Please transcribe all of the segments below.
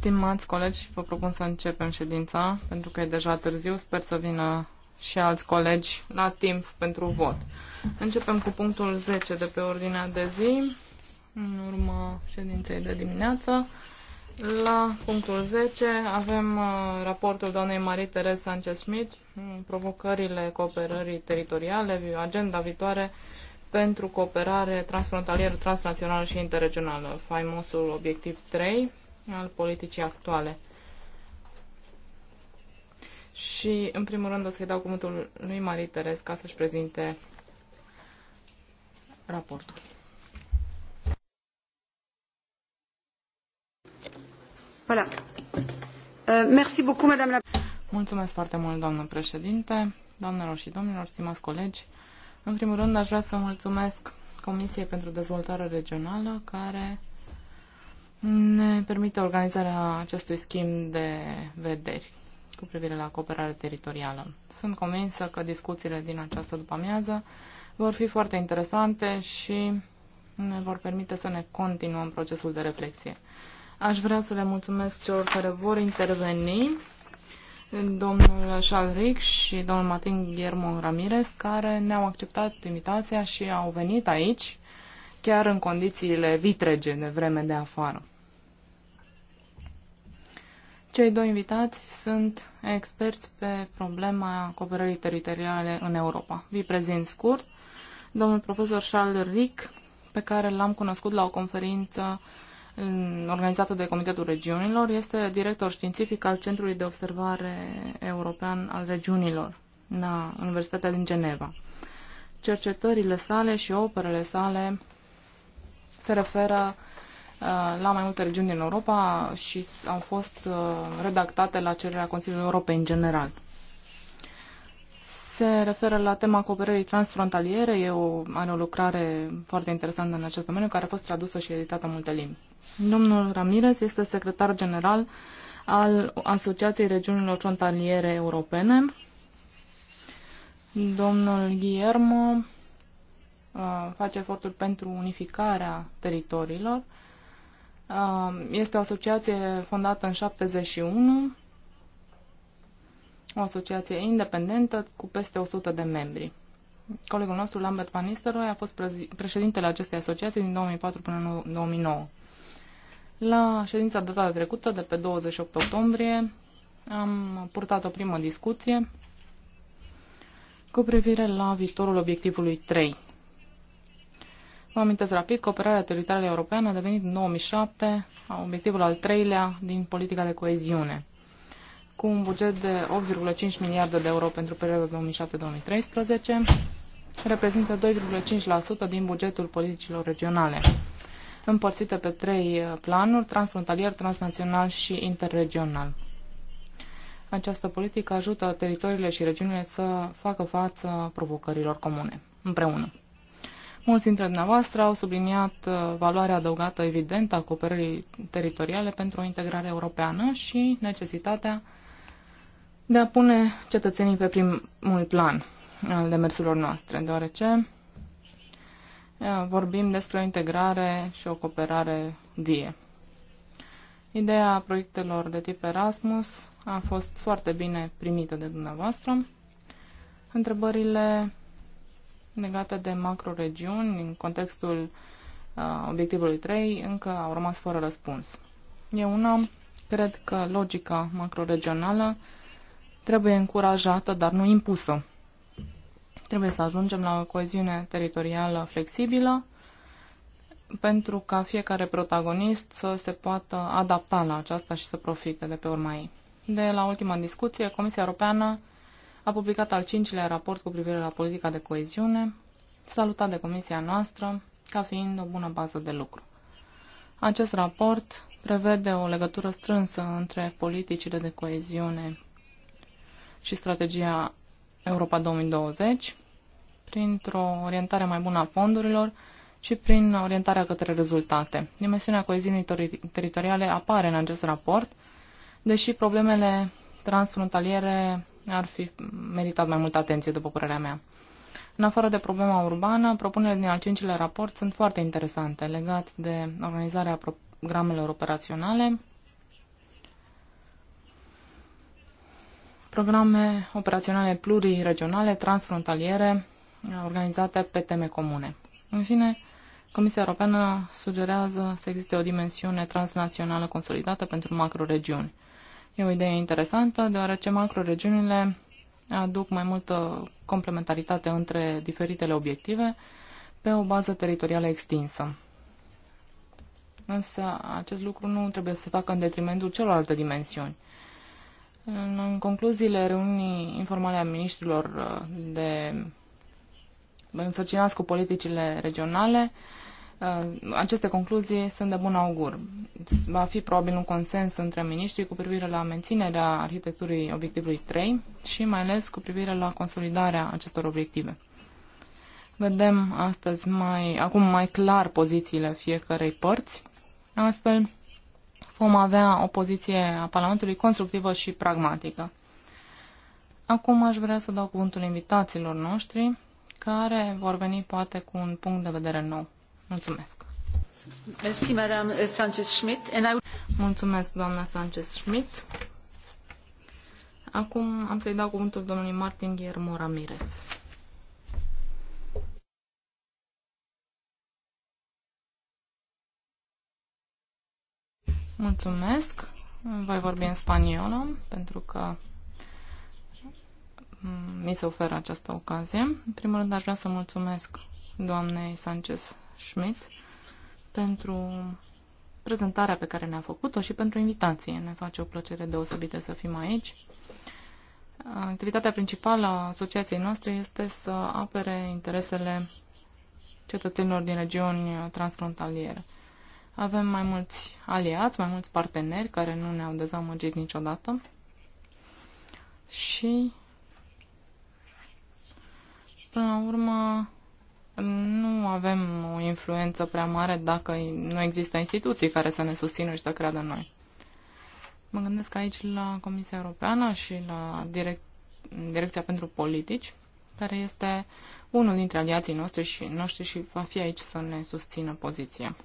Stimați colegi, vă propun să începem ședința, pentru că e deja târziu. Sper să vină și alți colegi la timp pentru vot. Începem cu punctul 10 de pe ordinea de zi, în urma ședinței de dimineață. La punctul 10 avem uh, raportul doamnei Marie Teresa Sanchez-Smith, provocările cooperării teritoriale, agenda viitoare pentru cooperare transfrontalieră, transnațională și interregională, faimosul obiectiv 3 al politicii actuale. Și, în primul rând, o să-i dau cuvântul lui Marie Teres ca să-și prezinte raportul. Voilà. Uh, merci beaucoup, madame la... Mulțumesc foarte mult, doamnă președinte, doamnelor și domnilor, stimați colegi. În primul rând, aș vrea să mulțumesc Comisiei pentru Dezvoltare Regională, care ne permite organizarea acestui schimb de vederi cu privire la cooperare teritorială. Sunt convinsă că discuțiile din această după-amiază vor fi foarte interesante și ne vor permite să ne continuăm procesul de reflexie. Aș vrea să le mulțumesc celor care vor interveni domnul Charles Șalric și domnul Martin Guillermo Ramirez, care ne-au acceptat invitația și au venit aici, chiar în condițiile vitrege de vreme de afară. Cei doi invitați sunt experți pe problema cooperării teritoriale în Europa. Vi prezint scurt domnul profesor Charles Rick, pe care l-am cunoscut la o conferință organizată de Comitetul Regiunilor, este director științific al Centrului de Observare European al Regiunilor la Universitatea din Geneva. Cercetările sale și operele sale se referă uh, la mai multe regiuni din Europa și au fost uh, redactate la cererea Consiliului Europei în general se referă la tema cooperării transfrontaliere. E o, are o lucrare foarte interesantă în acest domeniu, care a fost tradusă și editată în multe limbi. Domnul Ramirez este secretar general al Asociației Regiunilor Frontaliere Europene. Domnul Guillermo uh, face eforturi pentru unificarea teritoriilor. Uh, este o asociație fondată în 71 o asociație independentă cu peste 100 de membri. Colegul nostru, Lambert Van Nistelrooy, a fost președintele acestei asociații din 2004 până în 2009. La ședința data trecută, de pe 28 octombrie, am purtat o primă discuție cu privire la viitorul obiectivului 3. Vă amintesc rapid, cooperarea teritorială europeană a devenit în 2007 obiectivul al treilea din politica de coeziune cu un buget de 8,5 miliarde de euro pentru perioada 2007-2013, reprezintă 2,5% din bugetul politicilor regionale, împărțite pe trei uh, planuri, transfrontalier, transnațional și interregional. Această politică ajută teritoriile și regiunile să facă față provocărilor comune, împreună. Mulți dintre dumneavoastră au subliniat uh, valoarea adăugată evidentă a cooperării teritoriale pentru o integrare europeană și necesitatea de a pune cetățenii pe primul plan al demersurilor noastre, deoarece vorbim despre o integrare și o cooperare vie. Ideea proiectelor de tip Erasmus a fost foarte bine primită de dumneavoastră. Întrebările legate de macroregiuni în contextul uh, obiectivului 3 încă au rămas fără răspuns. Eu una cred că logica macroregională trebuie încurajată, dar nu impusă. Trebuie să ajungem la o coeziune teritorială flexibilă pentru ca fiecare protagonist să se poată adapta la aceasta și să profite de pe urma ei. De la ultima discuție, Comisia Europeană a publicat al cincilea raport cu privire la politica de coeziune, salutat de Comisia noastră ca fiind o bună bază de lucru. Acest raport prevede o legătură strânsă între politicile de coeziune și strategia Europa 2020 printr-o orientare mai bună a fondurilor și prin orientarea către rezultate. Dimensiunea coeziunii teritoriale apare în acest raport, deși problemele transfrontaliere ar fi meritat mai multă atenție, după părerea mea. În afară de problema urbană, propunerile din al cincilea raport sunt foarte interesante, legate de organizarea programelor operaționale, programe operaționale pluriregionale, transfrontaliere, organizate pe teme comune. În fine, Comisia Europeană sugerează să existe o dimensiune transnațională consolidată pentru macroregiuni. E o idee interesantă, deoarece macroregiunile aduc mai multă complementaritate între diferitele obiective pe o bază teritorială extinsă. Însă acest lucru nu trebuie să se facă în detrimentul celorlalte dimensiuni. În concluziile reunii informale a ministrilor uh, de însărcinați cu politicile regionale, uh, aceste concluzii sunt de bun augur. Va fi probabil un consens între miniștri cu privire la menținerea arhitecturii obiectivului 3 și mai ales cu privire la consolidarea acestor obiective. Vedem astăzi mai, acum mai clar pozițiile fiecarei părți, astfel vom avea o poziție a Parlamentului constructivă și pragmatică. Acum aș vrea să dau cuvântul invitațiilor noștri, care vor veni poate cu un punct de vedere nou. Mulțumesc! Mulțumesc, doamna Sanchez-Schmidt. Acum am să-i dau cuvântul domnului Martin Guillermo Ramirez. Mulțumesc. Voi vorbi în spaniolă, pentru că mm, mi se oferă această ocazie. În primul rând, aș vrea să mulțumesc doamnei Sanchez Schmidt pentru prezentarea pe care ne-a făcut-o și pentru invitație. Ne face o plăcere deosebită să fim aici. Activitatea principală a asociației noastre este să apere interesele cetățenilor din regiuni transfrontaliere. Avem mai mulți aliați, mai mulți parteneri care nu ne-au dezamăgit niciodată și până la urmă nu avem o influență prea mare dacă nu există instituții care să ne susțină și să creadă în noi. Mă gândesc aici la Comisia Europeană și la direc- Direcția pentru Politici, care este unul dintre aliații noștri și, noștri și va fi aici să ne susțină poziția.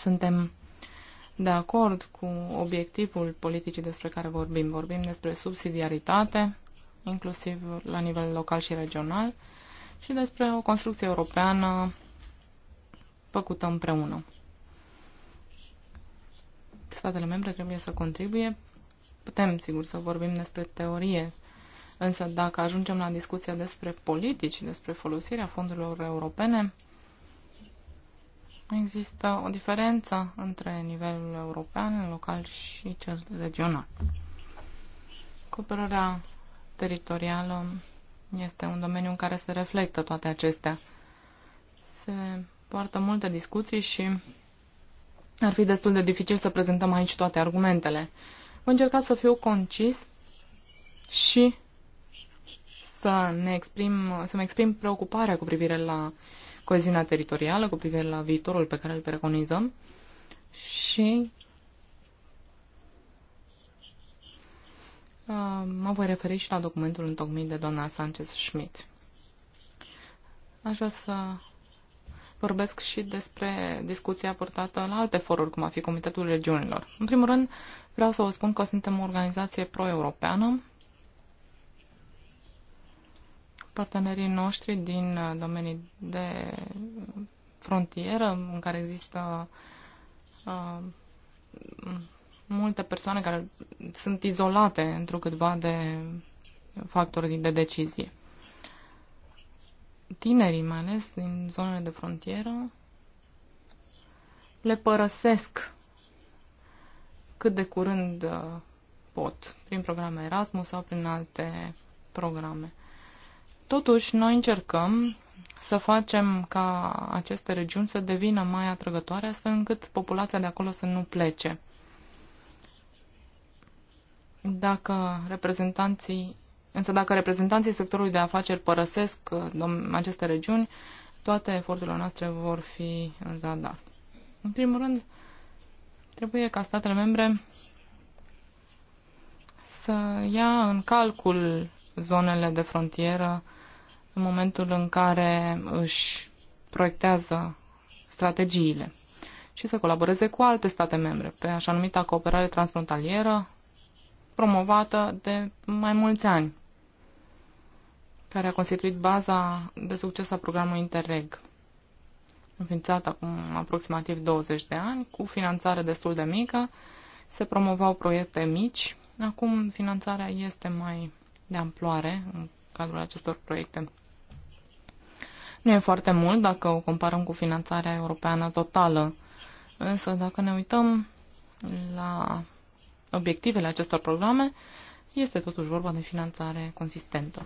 Suntem de acord cu obiectivul politicii despre care vorbim. Vorbim despre subsidiaritate, inclusiv la nivel local și regional, și despre o construcție europeană făcută împreună. Statele membre trebuie să contribuie. Putem, sigur, să vorbim despre teorie, însă dacă ajungem la discuția despre politici, despre folosirea fondurilor europene, Există o diferență între nivelul european, local și cel regional. Cooperarea teritorială este un domeniu în care se reflectă toate acestea. Se poartă multe discuții și ar fi destul de dificil să prezentăm aici toate argumentele. Voi încerca să fiu concis și să ne exprim, să-mi exprim preocuparea cu privire la uh, coeziunea teritorială cu privire la viitorul pe care îl preconizăm și uh, mă voi referi și la documentul întocmit de doamna Sanchez-Schmidt. Aș vrea să vorbesc și despre discuția purtată la alte foruri, cum a fi Comitetul Regiunilor. În primul rând, vreau să vă spun că suntem o organizație pro-europeană partenerii noștri din uh, domenii de frontieră, în care există uh, multe persoane care sunt izolate câtva de factorii de decizie. Tinerii, mai ales din zonele de frontieră, le părăsesc cât de curând uh, pot, prin programe Erasmus sau prin alte programe. Totuși, noi încercăm să facem ca aceste regiuni să devină mai atrăgătoare, astfel încât populația de acolo să nu plece. Dacă reprezentanții, însă dacă reprezentanții sectorului de afaceri părăsesc uh, aceste regiuni, toate eforturile noastre vor fi în zadar. În primul rând, trebuie ca statele membre să ia în calcul zonele de frontieră în momentul în care își proiectează strategiile și să colaboreze cu alte state membre pe așa numita cooperare transfrontalieră promovată de mai mulți ani, care a constituit baza de succes a programului Interreg, înființat acum aproximativ 20 de ani, cu finanțare destul de mică, se promovau proiecte mici, acum finanțarea este mai de amploare în cadrul acestor proiecte. Nu e foarte mult dacă o comparăm cu finanțarea europeană totală, însă dacă ne uităm la obiectivele acestor programe, este totuși vorba de finanțare consistentă,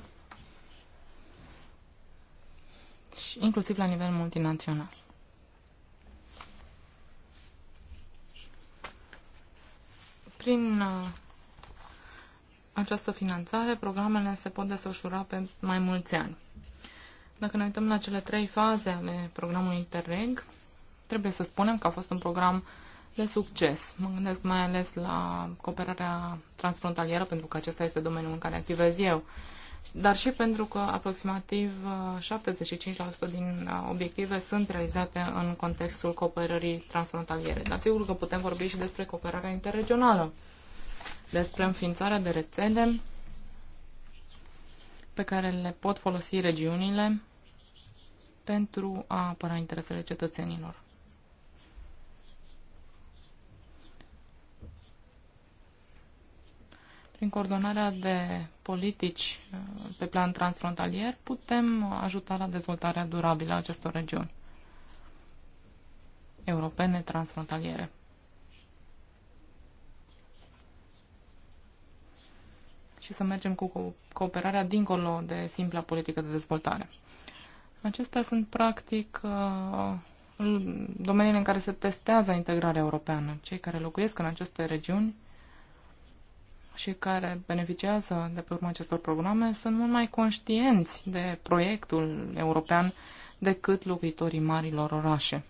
și inclusiv la nivel multinațional. Prin uh, această finanțare, programele se pot desfășura pe mai mulți ani. Dacă ne uităm la cele trei faze ale programului Interreg, trebuie să spunem că a fost un program de succes. Mă gândesc mai ales la cooperarea transfrontalieră, pentru că acesta este domeniul în care activez eu, dar și pentru că aproximativ 75% uh, din uh, obiective sunt realizate în contextul cooperării transfrontaliere. Dar sigur că putem vorbi și despre cooperarea interregională, despre înființarea de rețele pe care le pot folosi regiunile pentru a apăra interesele cetățenilor. Prin coordonarea de politici uh, pe plan transfrontalier putem ajuta la dezvoltarea durabilă a acestor regiuni europene transfrontaliere. și să mergem cu cooperarea dincolo de simpla politică de dezvoltare. Acestea sunt, practic, uh, domeniile în care se testează integrarea europeană. Cei care locuiesc în aceste regiuni și care beneficiază de pe urma acestor programe sunt mult mai conștienți de proiectul european decât locuitorii marilor orașe.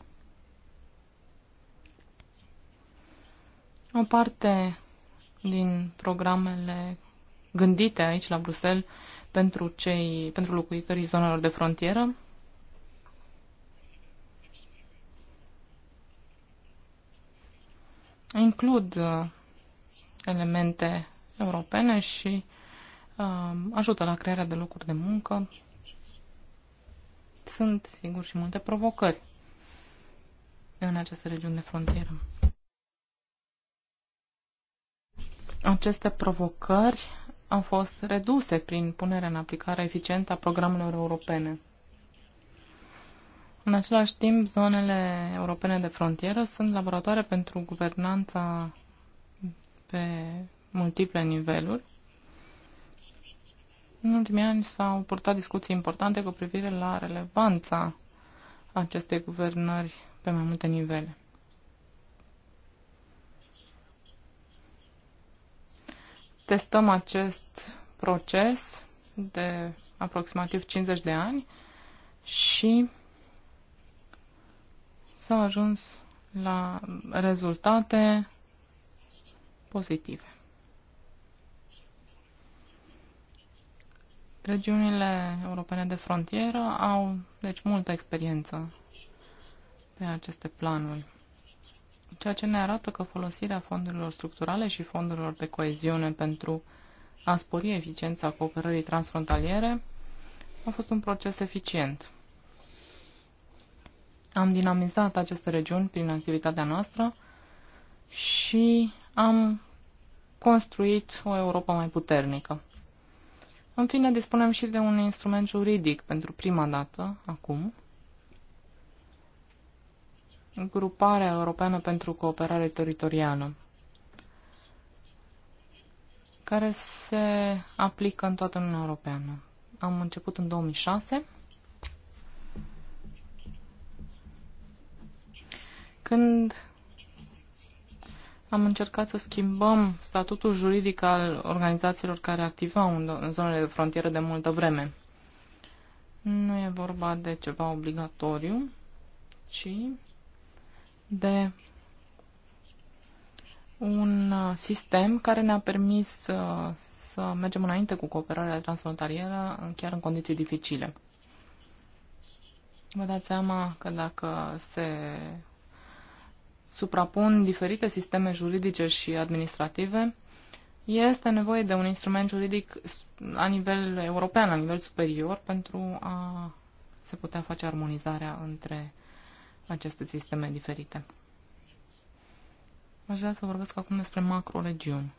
O parte din programele gândite aici la Bruxelles pentru, cei, pentru locuitorii zonelor de frontieră includ uh, elemente europene și um, ajută la crearea de locuri de muncă. Sunt, sigur, și multe provocări în aceste regiuni de frontieră. Aceste provocări au fost reduse prin punerea în aplicare eficientă a programelor europene. În același timp, zonele europene de frontieră sunt laboratoare pentru guvernanța pe multiple niveluri. În ultimii ani s-au purtat discuții importante cu privire la relevanța acestei guvernări pe mai multe nivele. Testăm acest proces de aproximativ 50 de ani și s-a ajuns la rezultate pozitive. Regiunile europene de frontieră au, deci, multă experiență pe aceste planuri, ceea ce ne arată că folosirea fondurilor structurale și fondurilor de coeziune pentru a spori eficiența cooperării transfrontaliere a fost un proces eficient. Am dinamizat aceste regiuni prin activitatea noastră și am construit o Europa mai puternică. În fine, dispunem și de un instrument juridic pentru prima dată, acum. Gruparea Europeană pentru Cooperare Teritorială, care se aplică în toată Uniunea Europeană. Am început în 2006 Când am încercat să schimbăm statutul juridic al organizațiilor care activau în zonele de frontieră de multă vreme. Nu e vorba de ceva obligatoriu, ci de un uh, sistem care ne-a permis să, uh, să mergem înainte cu cooperarea transfrontalieră chiar în condiții dificile. Vă dați seama că dacă se suprapun diferite sisteme juridice și administrative, este nevoie de un instrument juridic la nivel european, la nivel superior, pentru a se putea face armonizarea între aceste sisteme diferite. Aș vrea să vorbesc acum despre macroregiuni.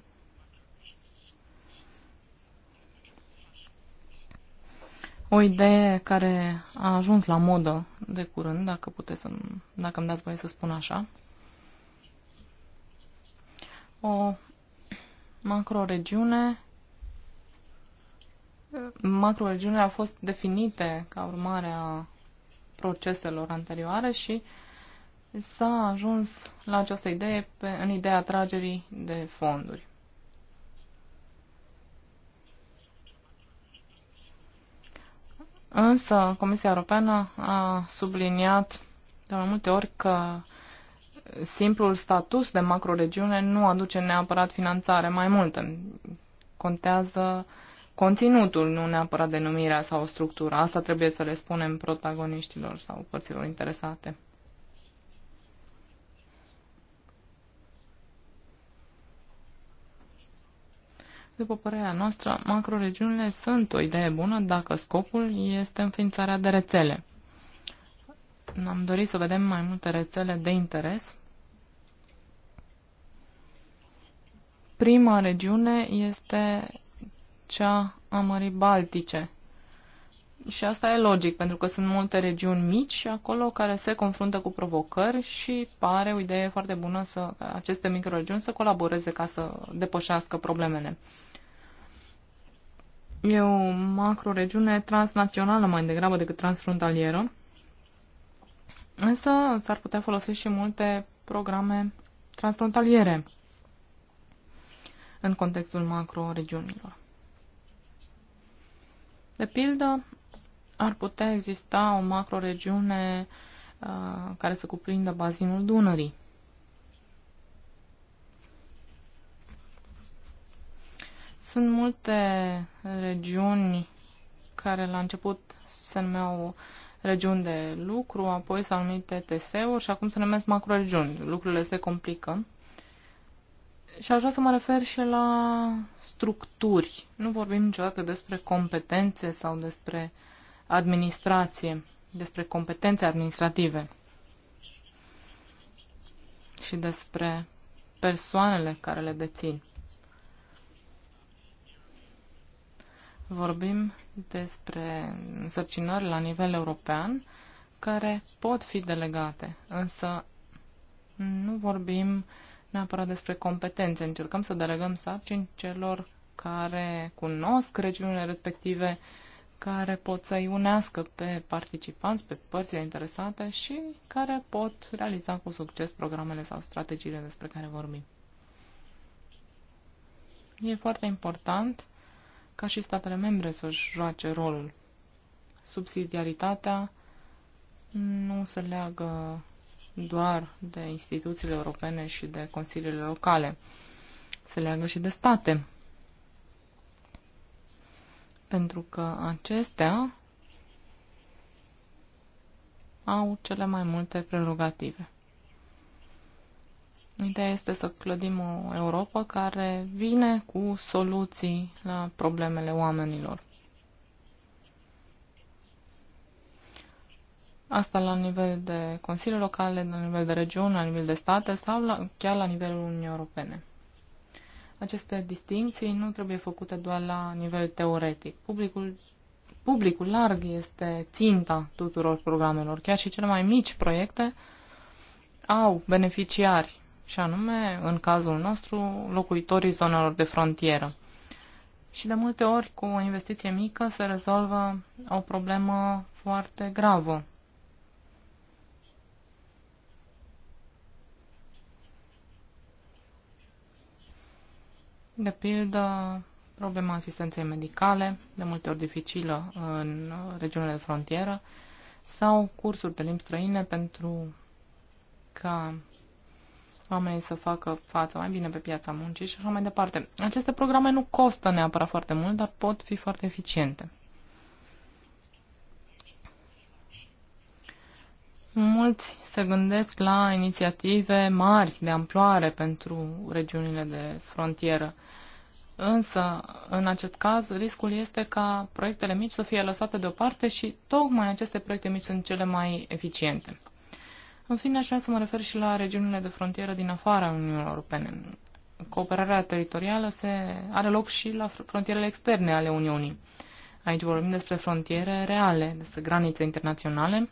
O idee care a ajuns la modă de curând, dacă, puteți să, dacă îmi dați voie să spun așa, o macroregiune. Macroregiunile au fost definite ca urmare a proceselor anterioare și s-a ajuns la această idee pe, în ideea tragerii de fonduri. Însă Comisia Europeană a subliniat de mai multe ori că simplul status de macroregiune nu aduce neapărat finanțare mai multă. Contează conținutul, nu neapărat denumirea sau structura. Asta trebuie să le spunem protagoniștilor sau părților interesate. După părerea noastră, macroregiunile sunt o idee bună dacă scopul este înființarea de rețele. Am dorit să vedem mai multe rețele de interes Prima regiune este cea a Mării Baltice. Și asta e logic, pentru că sunt multe regiuni mici acolo care se confruntă cu provocări și pare o idee foarte bună să aceste microregiuni să colaboreze ca să depășească problemele. E o macroregiune transnațională mai degrabă decât transfrontalieră, însă s-ar putea folosi și multe programe transfrontaliere în contextul macro-regiunilor. De pildă, ar putea exista o macroregiune uh, care să cuprindă bazinul Dunării. Sunt multe regiuni care la început se numeau regiuni de lucru, apoi s-au numit TTS-uri și acum se numesc macroregiuni. Lucrurile se complică. Și aș vrea să mă refer și la structuri. Nu vorbim niciodată despre competențe sau despre administrație, despre competențe administrative și despre persoanele care le dețin. Vorbim despre însărcinări la nivel european care pot fi delegate, însă nu vorbim uh, neapărat despre competențe. Încercăm să delegăm sarcini celor care cunosc regiunile respective, care pot să-i unească pe participanți, pe părțile interesate și care pot realiza cu succes programele sau strategiile despre care vorbim. E foarte important ca și statele membre să-și joace rolul. Subsidiaritatea nu se leagă doar de instituțiile europene și de consiliile locale. Se leagă și de state. Pentru că acestea au cele mai multe prerogative. Ideea este să clădim o Europa care vine cu soluții la problemele oamenilor. Asta la nivel de consilii locale, la nivel de regiuni, la nivel de state sau la, chiar la nivelul Uniunii Europene. Aceste distinții nu trebuie făcute doar la nivel teoretic. Publicul, publicul larg este ținta tuturor programelor. Chiar și cele mai mici proiecte au beneficiari, și anume, în cazul nostru, locuitorii zonelor de frontieră. Și de multe ori, cu o investiție mică se rezolvă o problemă foarte gravă De pildă, problema asistenței medicale, de multe ori dificilă în regiunile de frontieră, sau cursuri de limbi străine pentru ca oamenii să facă față mai bine pe piața muncii și așa mai departe. Aceste programe nu costă neapărat foarte mult, dar pot fi foarte eficiente. Mulți se gândesc la inițiative mari, de amploare pentru regiunile de frontieră. Însă, în acest caz, riscul este ca proiectele mici să fie lăsate deoparte și tocmai aceste proiecte mici sunt cele mai eficiente. În fine, aș vrea să mă refer și la regiunile de frontieră din afara Uniunii Europene. Cooperarea teritorială se are loc și la frontierele externe ale Uniunii. Aici vorbim despre frontiere reale, despre granițe internaționale,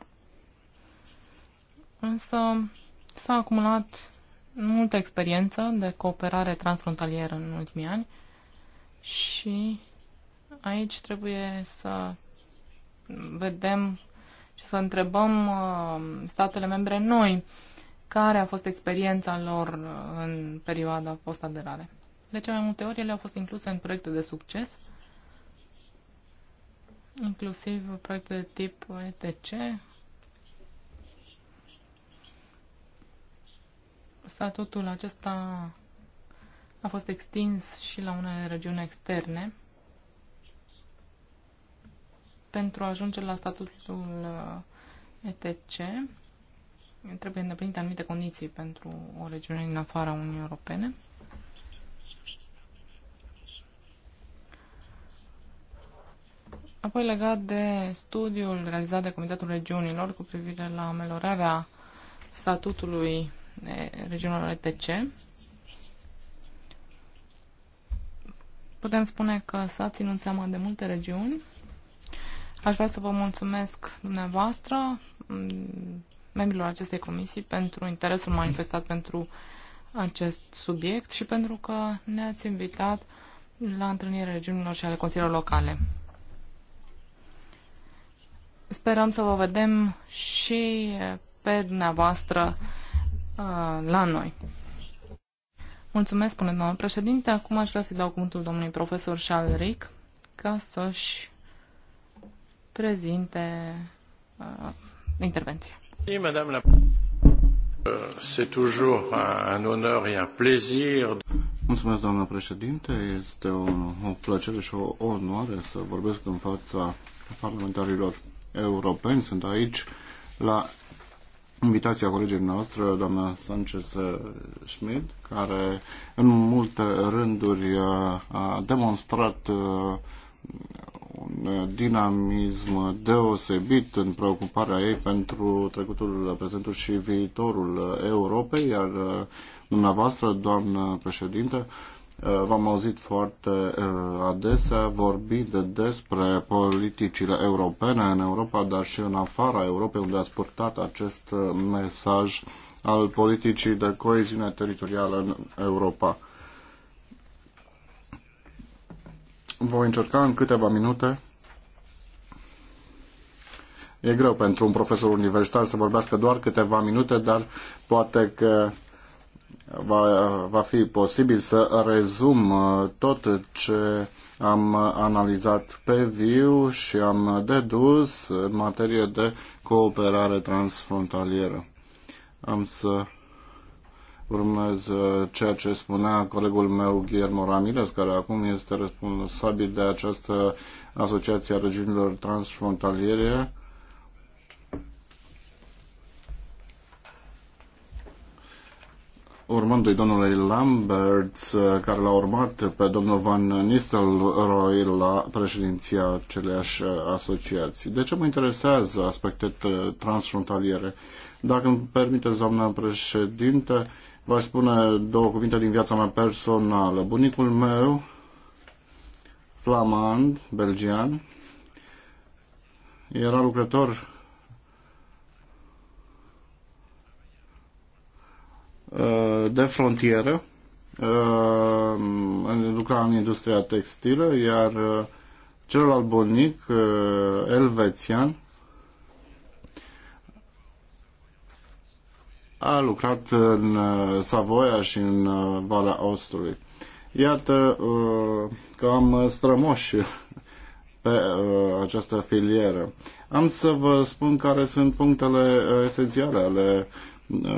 Însă s-a acumulat multă experiență de cooperare transfrontalieră în ultimii ani și aici trebuie să vedem și să întrebăm uh, statele membre noi care a fost experiența lor în perioada post-aderare. De cele mai multe ori ele au fost incluse în proiecte de succes, inclusiv proiecte de tip ETC, Statutul acesta a fost extins și la unele regiuni externe pentru a ajunge la statutul uh, ETC trebuie îndeplinite anumite condiții pentru o regiune din afara Uniunii Europene. Apoi legat de studiul realizat de Comitetul Regiunilor cu privire la ameliorarea statutului regiunilor ETC, putem spune că s-a ținut seama de multe regiuni. Aș vrea să vă mulțumesc dumneavoastră, mm, membrilor acestei comisii, pentru interesul manifestat pentru acest subiect și pentru că ne-ați invitat la întâlnirea regiunilor și ale consiliilor locale. Sperăm să vă vedem și pe dumneavoastră uh, la noi. Mulțumesc, spune doamna președinte. Acum aș vrea să-i dau cuvântul domnului profesor Șalric ca să-și prezinte uh, intervenția. Euh, c'est toujours un honor et un plaisir. Mulțumesc, doamna președinte. Este o, o plăcere și o onoare să vorbesc în fața parlamentarilor europeni. Sunt aici la invitația colegii noastre, doamna Sanchez Schmidt, care în multe rânduri uh, a demonstrat uh, un dinamism deosebit în preocuparea ei pentru trecutul, prezentul și viitorul Europei, iar uh, dumneavoastră, doamnă președinte, Eh, v-am auzit foarte eh, adesea vorbind despre politicile europene în Europa, dar și în afara Europei, unde ați purtat acest eh, mesaj al politicii de coeziune teritorială în Europa. Voi încerca în câteva minute. E greu pentru un profesor universitar să vorbească doar câteva minute, dar poate că va, va fi posibil să rezum uh, tot ce am analizat pe viu și am dedus în materie de cooperare transfrontalieră. Am să urmez uh, ceea ce spunea colegul meu Guillermo Ramirez, care acum este responsabil de această asociație a regiunilor transfrontaliere urmându-i domnului Lambert, care l-a urmat pe domnul Van Nistelrooy la președinția aceleași asociații. De ce mă interesează aspecte transfrontaliere? Dacă îmi permiteți, doamna președinte, vă spune două cuvinte din viața mea personală. Bunicul meu, flamand, belgian, era lucrător Uh, de frontieră, uh, lucra în industria textilă, iar uh, celălalt bolnic, elvețian, a lucrat în Savoia și în Valea Ostrului. Iată că am strămoși pe această filieră. Am să vă spun care sunt punctele esențiale ale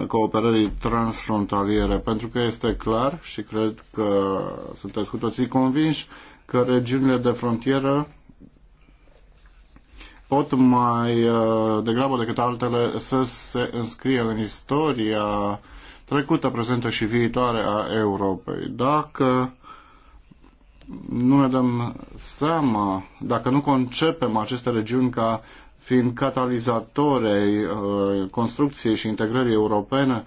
cooperării transfrontaliere, pentru că este clar și cred că sunteți cu toții convinși că regiunile de frontieră pot mai uh, degrabă decât altele să se înscrie în istoria trecută, prezentă și viitoare a Europei. Dacă nu ne dăm seama, dacă nu concepem aceste regiuni ca fiind catalizatorii uh, construcției și integrării europene,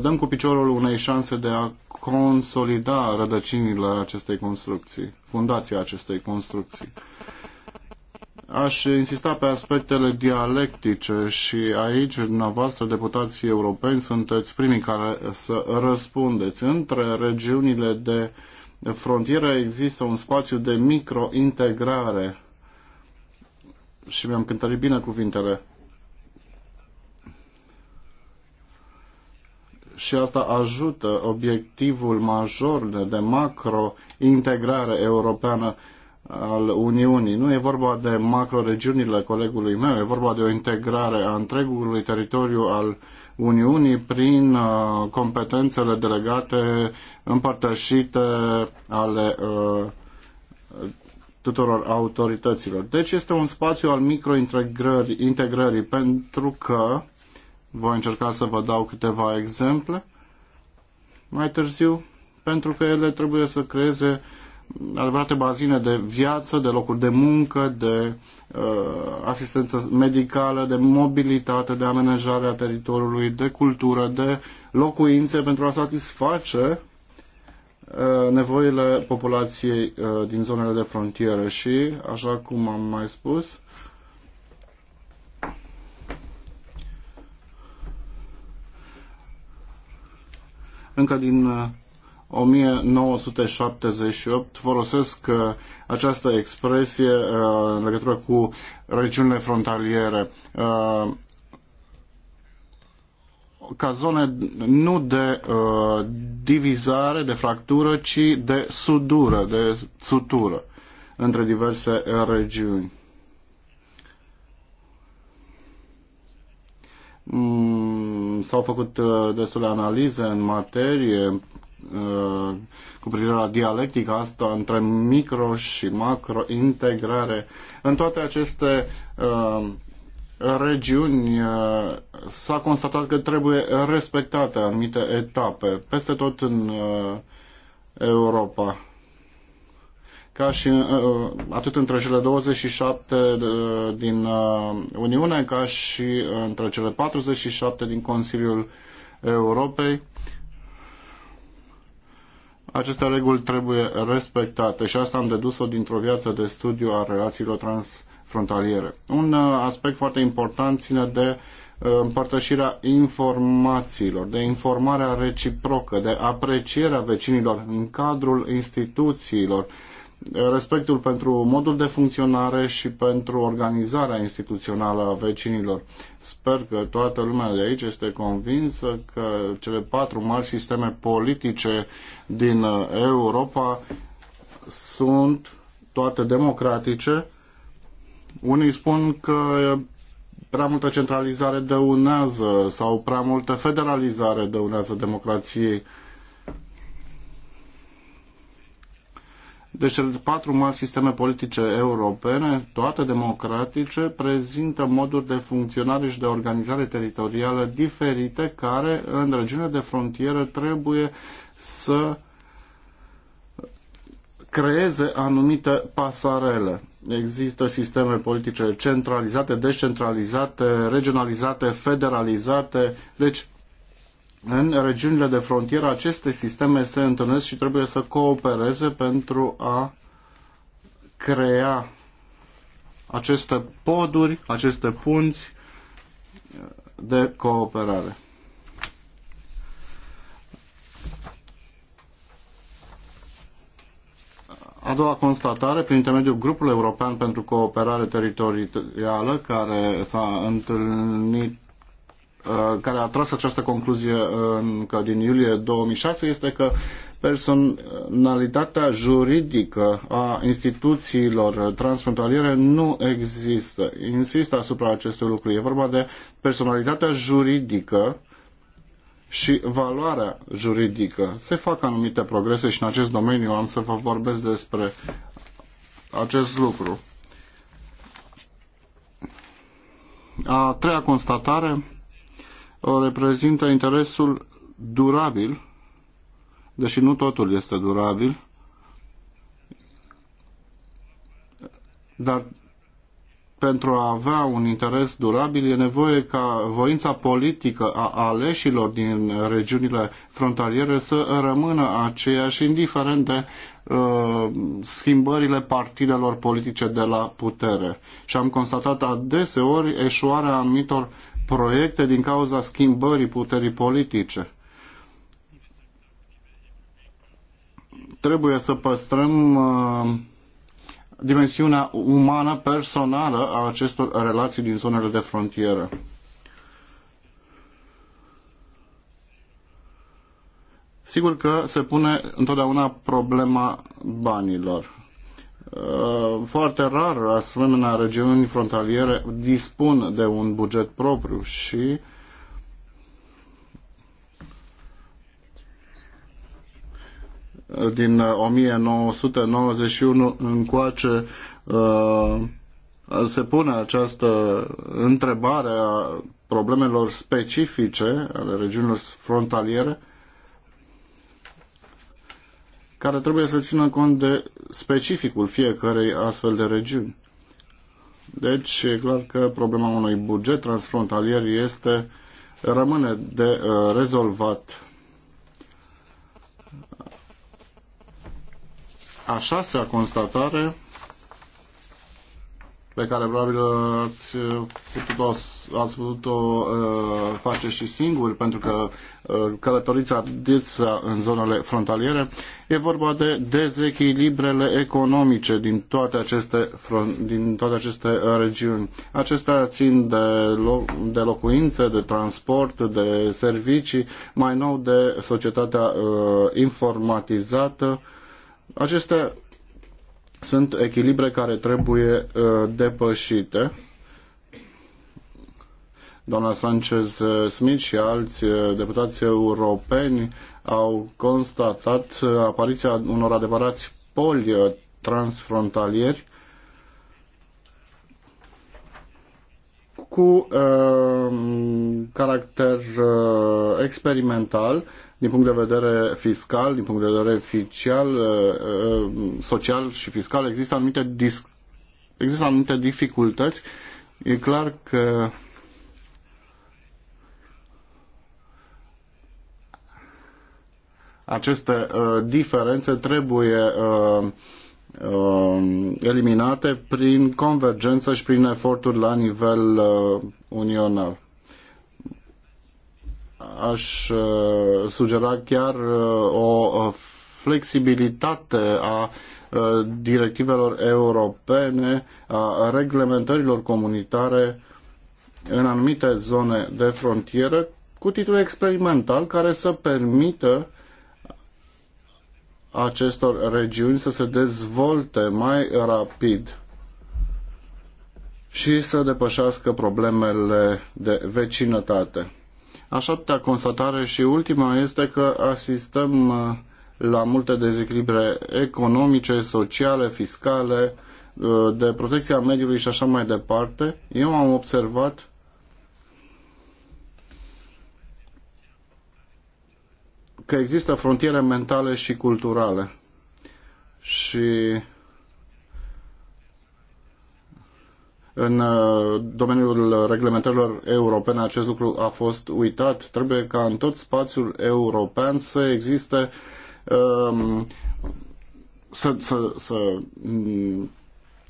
dăm cu piciorul unei șanse de a consolida rădăcinile acestei construcții, fundația acestei construcții. Aș insista pe aspectele dialectice și aici, dumneavoastră, deputații europeni, sunteți primii care să răspundeți între regiunile de uh, frontieră există un spațiu de microintegrare și mi-am cântărit bine cuvintele. Și asta ajută obiectivul major de macrointegrare europeană al Uniunii. Nu e vorba de macro-regiunile colegului meu, e vorba de o integrare a întregului teritoriu al Uniunii prin uh, competențele delegate împărtășite ale uh, tuturor autorităților. Deci este un spațiu al microintegrării pentru că voi încerca să vă dau câteva exemple mai târziu, pentru că ele trebuie să creeze uh, adevărate bazine de viață, de locuri de muncă, de uh, asistență medicală, de mobilitate, de amenajare a teritoriului, de cultură, de locuințe pentru a satisface uh, nevoile populației uh, din zonele de frontieră și, așa cum am mai spus, încă din uh, 1978 folosesc uh, această expresie uh, în legătură cu regiunile frontaliere uh, ca zone nu de uh, divizare, de fractură, ci de sudură, de sutură între diverse regiuni. Mm, s-au făcut uh, destule analize în materie Uh, cu privire la dialectica asta între micro și macro integrare. În toate aceste uh, regiuni uh, s-a constatat că trebuie respectate anumite etape peste tot în Europa. Ca și atât între cele 27 din Uniune, ca și între cele 47 din Consiliul Europei aceste reguli trebuie respectate și asta am dedus-o dintr-o viață de studiu a relațiilor transfrontaliere. Un uh, aspect foarte important ține de uh, împărtășirea informațiilor, de informarea reciprocă, de aprecierea vecinilor în cadrul instituțiilor respectul pentru modul de funcționare și pentru organizarea instituțională a vecinilor. Sper că toată lumea de aici este convinsă că cele patru mari sisteme politice din Europa sunt toate democratice. Unii spun că prea multă centralizare dăunează sau prea multă federalizare dăunează democrației. Deci cele patru mari sisteme politice europene, toate democratice, prezintă moduri de funcționare și de organizare teritorială diferite care în regiunea de frontieră trebuie să creeze anumite pasarele. Există sisteme politice centralizate, descentralizate, regionalizate, federalizate, deci în regiunile de frontieră aceste sisteme se întâlnesc și trebuie să coopereze pentru a crea aceste poduri, aceste punți de cooperare. A doua constatare, prin intermediul grupului european pentru cooperare teritorială, care s-a întâlnit Uh, care a tras această concluzie uh, încă din iulie 2006 este că personalitatea juridică a instituțiilor transfrontaliere nu există. Insist asupra acestui lucru. E vorba de personalitatea juridică și valoarea juridică. Se fac anumite progrese și în acest domeniu am să vă vorbesc despre acest lucru. A treia constatare reprezintă interesul durabil, deși nu totul este durabil, dar pentru a avea un interes durabil e nevoie ca voința politică a aleșilor din regiunile frontaliere să rămână aceeași, indiferent de Uh, schimbările partidelor politice de la putere. Și am constatat adeseori eșuarea anumitor proiecte din cauza schimbării puterii politice. Trebuie să păstrăm uh, dimensiunea umană, personală a acestor relații din zonele de frontieră. Sigur că se pune întotdeauna problema banilor. Uh, foarte rar asemenea regiuni frontaliere dispun de un buget propriu și din 1991 încoace uh, se pune această întrebare a problemelor specifice ale regiunilor frontaliere care trebuie să țină cont de specificul fiecarei astfel de regiuni. Deci, e clar că problema unui buget transfrontalier este, rămâne de uh, rezolvat. A șasea constatare pe care probabil ați putut-o, ați putut-o uh, face și singuri, pentru că Uh, călătoriți adesea în zonele frontaliere. E vorba de dezechilibrele economice din toate aceste, din toate aceste uh, regiuni. Acestea țin de, lo, de locuințe, de transport, de servicii, mai nou de societatea uh, informatizată. Acestea sunt echilibre care trebuie uh, depășite doamna Sanchez Smith și alți eh, deputați europeni au constatat eh, apariția unor adevărați poli eh, transfrontalieri cu uh, caracter uh, experimental din punct de vedere fiscal, din punct de vedere fiscal, uh, social și fiscal, există anumite, dis- există anumite dificultăți. E clar că uh, Aceste uh, diferențe trebuie uh, uh, eliminate prin convergență și prin eforturi la nivel uh, unional. Aș uh, sugera chiar uh, o uh, flexibilitate a uh, directivelor europene, a reglementărilor comunitare în anumite zone de frontieră cu titlu experimental care să permită uh, acestor regiuni să se dezvolte mai rapid și să depășească problemele de vecinătate. A șaptea constatare și ultima este că asistăm uh, la multe dezechilibre economice, sociale, fiscale, uh, de protecția mediului și așa mai departe. Eu am observat că există frontiere mentale și culturale. Și în uh, domeniul reglementărilor europene acest lucru a fost uitat. Trebuie ca în tot spațiul european să existe um, să, să, să, mm,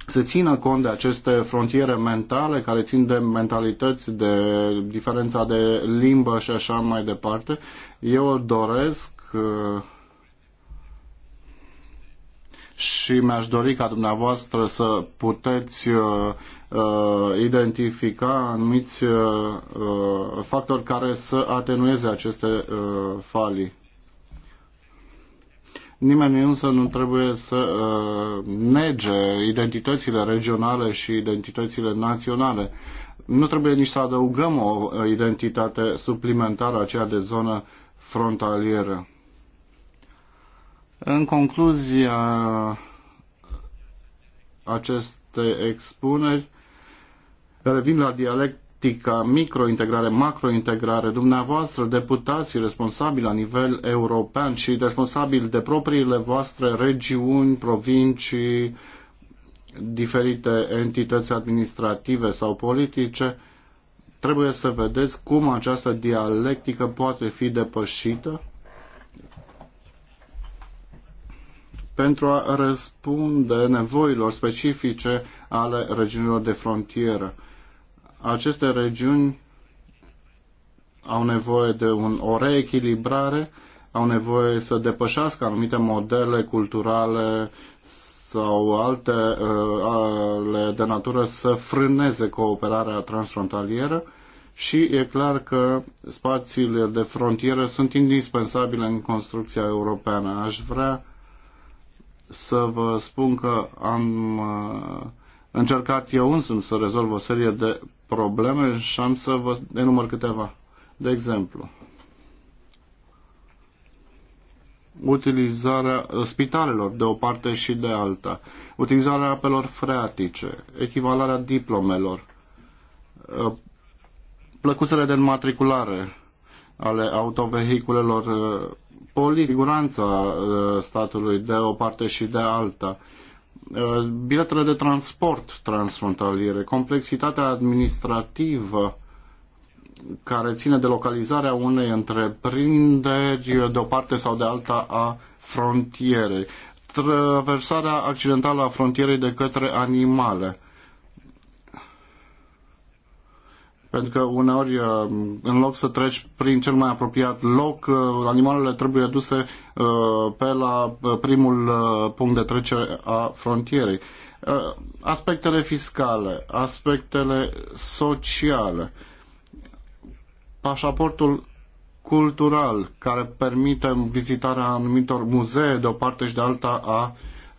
să țină cont de aceste frontiere mentale care țin de mentalități, de diferența de limbă și așa mai departe eu îl doresc uh, și mi-aș dori ca dumneavoastră să puteți uh, uh, identifica anumiți factori care să atenueze aceste falii. Nimeni însă nu trebuie să nege identitățile regionale și identitățile naționale. Nu trebuie nici să adăugăm o identitate suplimentară aceea de zonă frontalieră. În concluzia acestei expuneri, revin la dialectica microintegrare, macrointegrare. Dumneavoastră, deputații responsabili la nivel european și responsabili de propriile voastre regiuni, provincii, diferite entități administrative sau politice, trebuie să vedeți cum această dialectică poate fi depășită pentru a răspunde nevoilor specifice ale regiunilor de frontieră. Aceste regiuni au nevoie de un, o reechilibrare, au nevoie să depășească anumite modele culturale sau alte uh, ale de natură să frâneze cooperarea transfrontalieră și e clar că spațiile de frontieră sunt indispensabile în construcția europeană. Aș vrea să vă spun că am uh, încercat eu însumi să rezolv o serie de probleme și am să vă enumăr câteva. De exemplu, utilizarea uh, spitalelor de o parte și de alta, utilizarea apelor freatice, echivalarea diplomelor, uh, plăcuțele de înmatriculare ale autovehiculelor, uh, siguranța statului de o parte și de alta, biletele de transport transfrontaliere, complexitatea administrativă, care ține de localizarea unei întreprinderi de o parte sau de alta a frontierei. Traversarea accidentală a frontierei de către animale. Pentru că uneori, în loc să treci prin cel mai apropiat loc, animalele trebuie duse uh, pe la uh, primul uh, punct de trecere a frontierei. Aspectele fiscale, aspectele sociale pașaportul cultural care permite vizitarea anumitor muzee de o parte și de alta a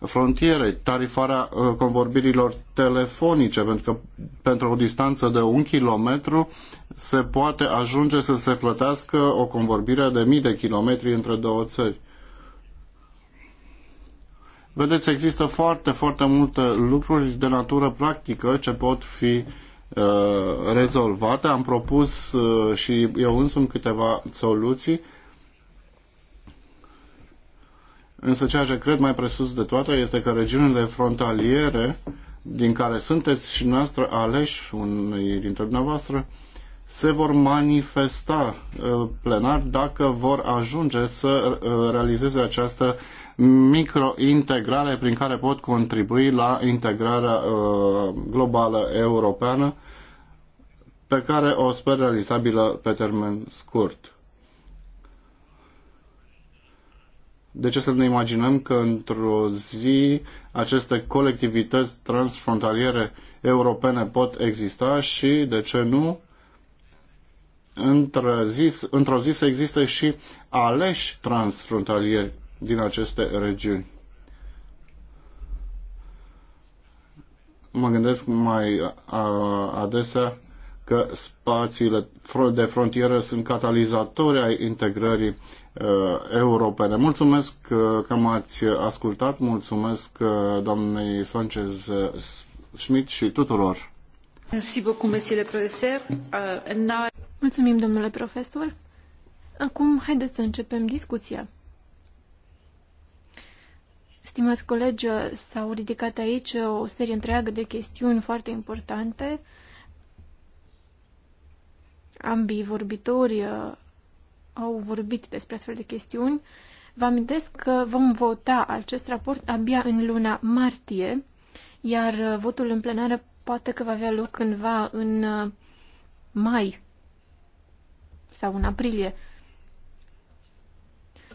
frontierei, tarifarea uh, convorbirilor telefonice, pentru că pentru o distanță de un kilometru se poate ajunge să se plătească o convorbire de mii de kilometri între două țări. Vedeți, există foarte, foarte multe lucruri de natură practică ce pot fi uh, Uh, rezolvate. Am propus uh, și eu însumi câteva soluții. Însă ceea ce cred mai presus de toate este că regiunile frontaliere din care sunteți și noastră aleși, unii dintre dumneavoastră, uh, se vor manifesta uh, plenar dacă vor ajunge să uh, realizeze această microintegrare prin care pot contribui la integrarea uh, globală europeană pe care o sper realizabilă pe termen scurt. De ce să ne imaginăm că într-o zi aceste colectivități transfrontaliere europene pot exista și, de ce nu, într-o zi, într zi să existe și aleși transfrontalieri din aceste regiuni. Mă gândesc mai adesea că spațiile de frontieră sunt catalizatori ai integrării uh, europene. Mulțumesc uh, că m-ați ascultat, mulțumesc uh, doamnei Sanchez Schmidt și tuturor. Euh, Mulțumim, domnule profesor. Acum, haideți să începem discuția. Stimați colegi, s-au ridicat aici o serie întreagă de chestiuni foarte importante. Ambii vorbitori uh, au vorbit despre astfel de chestiuni. Vă amintesc că vom vota acest raport abia în luna martie, iar uh, votul în plenară poate că va avea loc cândva în uh, mai sau în aprilie.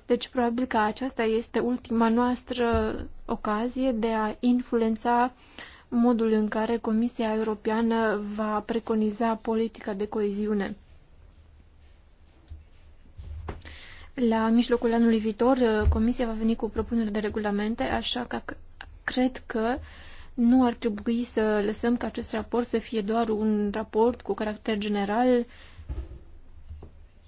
Deci probabil că aceasta este ultima noastră ocazie de a influența modul în care Comisia Europeană va preconiza politica de coeziune. La mijlocul anului viitor, uh, Comisia va veni cu propuneri de regulamente, așa că cred că uh, nu ar trebui să lăsăm ca acest raport să fie doar un raport cu caracter general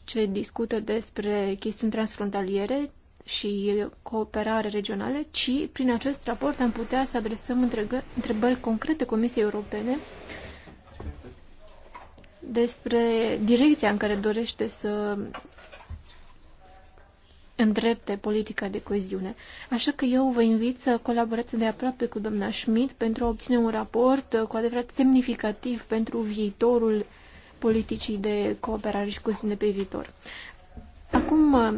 ce discută despre chestiuni transfrontaliere și cooperare regională, ci prin acest raport am putea să adresăm întrebări concrete Comisiei Europene despre direcția în care dorește să îndrepte politica de coeziune. Așa că eu vă invit să colaborați de aproape cu doamna Schmidt pentru a obține un raport uh, cu adevărat semnificativ pentru viitorul politicii de cooperare și coeziune pe viitor. Acum uh,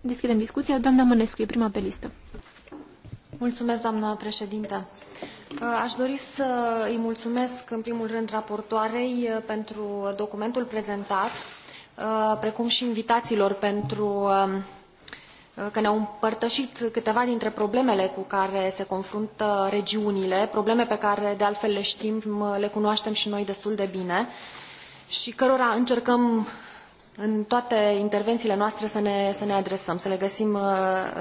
deschidem discuția. Doamna Mănescu e prima pe listă. Mulțumesc, doamna președintă. Uh, aș dori să îi mulțumesc în primul rând raportoarei pentru documentul prezentat, precum și invitațiilor pentru Uh, că ne-au împărtășit câteva dintre problemele cu care se confruntă regiunile, probleme pe care de altfel le știm, le cunoaștem și noi destul de bine și cărora încercăm în toate intervențiile noastre să ne, să ne adresăm, să le găsim uh,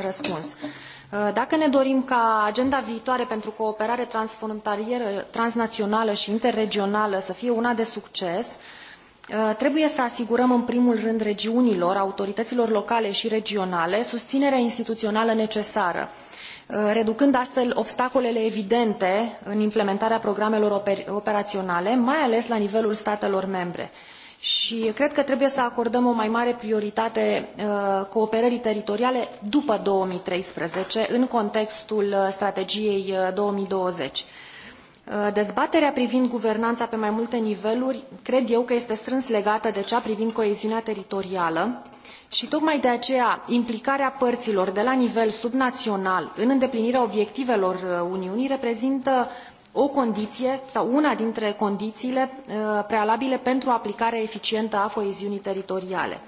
răspuns. Uh, dacă ne dorim ca agenda viitoare pentru cooperare transfrontalieră, transnațională și interregională să fie una de succes, Uh, trebuie să asigurăm în primul rând regiunilor, autorităților locale și regionale susținerea instituțională necesară, uh, reducând astfel obstacolele evidente în implementarea programelor operaționale, mai ales la nivelul statelor membre. Și cred că trebuie să acordăm o mai mare prioritate uh, cooperării teritoriale după 2013, în contextul strategiei 2020. Uh, dezbaterea privind guvernanța pe mai multe niveluri, cred eu că este strâns legată de cea privind coeziunea teritorială și tocmai de aceea implicarea părților de la nivel subnațional în îndeplinirea obiectivelor uh, Uniunii reprezintă o condiție sau una dintre condițiile uh, prealabile pentru aplicarea eficientă a coeziunii teritoriale.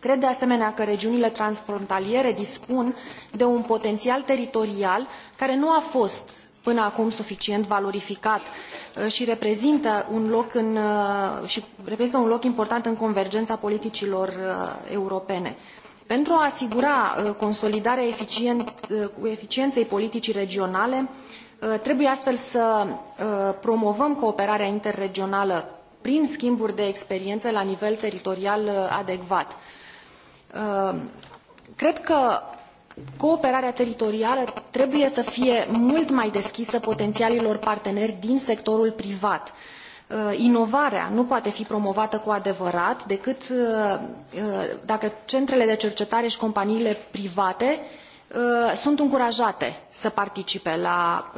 Cred de asemenea că regiunile transfrontaliere dispun de un potențial teritorial care nu a fost până acum suficient valorificat uh, și reprezintă un loc, în, uh, și reprezintă un loc important în convergența politicilor uh, europene. Pentru a asigura consolidarea eficient, eficienței politicii regionale, trebuie astfel să promovăm cooperarea interregională prin schimburi de experiențe la nivel teritorial adecvat. Cred că Cooperarea teritorială trebuie să fie mult mai deschisă potențialilor parteneri din sectorul privat. Uh, inovarea nu poate fi promovată cu adevărat decât uh, uh, dacă centrele de cercetare și companiile private sunt încurajate să participe la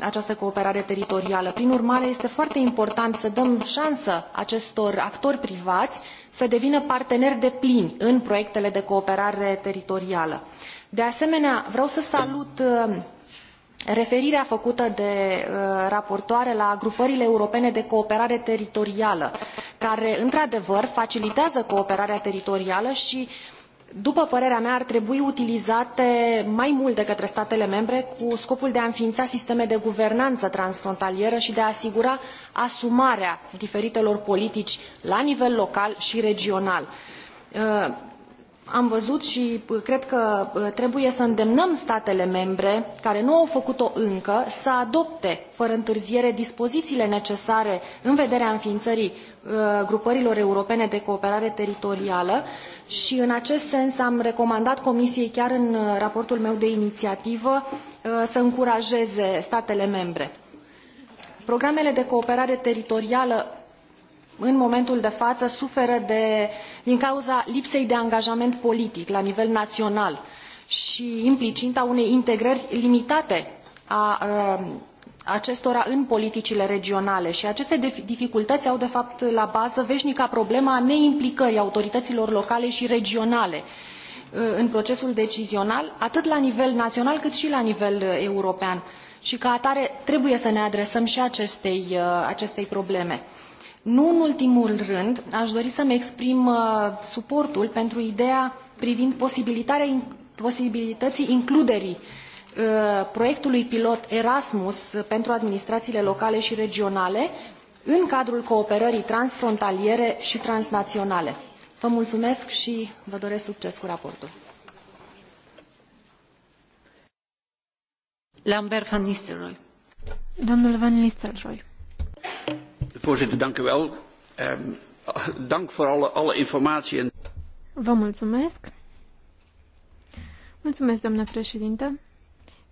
această cooperare teritorială. Prin urmare, este foarte important să dăm șansă acestor actori privați să devină parteneri deplini în proiectele de cooperare teritorială. De asemenea, vreau să salut uh, referirea făcută de uh, raportoare la grupările europene de cooperare teritorială, care, într-adevăr, facilitează cooperarea teritorială și după părerea mea, ar trebui utilizate mai mult de către statele membre cu scopul de a înființa sisteme de guvernanță transfrontalieră și de a asigura asumarea diferitelor politici la nivel local și regional. Uh, am văzut și cred că trebuie să îndemnăm statele membre care nu au făcut-o încă să adopte fără întârziere dispozițiile necesare în vederea înființării ă, grupărilor europene de cooperare teritorială și în acest sens am recomandat Comisiei chiar în ă, raportul meu de inițiativă ă, să încurajeze statele membre. Programele de cooperare teritorială în momentul de față suferă de, din cauza lipsei de angajament politic la nivel național și implicit a unei integrări limitate a, a uh, acestora în politicile regionale și aceste dificultăți au de fapt la bază veșnica problema neimplicării autorităților locale și regionale uh, în procesul decizional, atât la nivel național cât și la nivel uh, european. Și ca atare trebuie să ne adresăm și acestei, acestei probleme. Nu în ultimul rând, aș dori să-mi exprim uh, suportul pentru ideea privind posibilității includerii uh, proiectului pilot Erasmus uh, pentru administrațiile locale și regionale în cadrul cooperării transfrontaliere și transnaționale. Vă mulțumesc și vă doresc succes cu raportul. Lambert van Nistelrooy. Domnul van Nistelrooy. Voorzitter, dank u wel. Ehm, dank voor alle, alle informatie. En... Vă mulțumesc. Mulțumesc, doamnă președinte.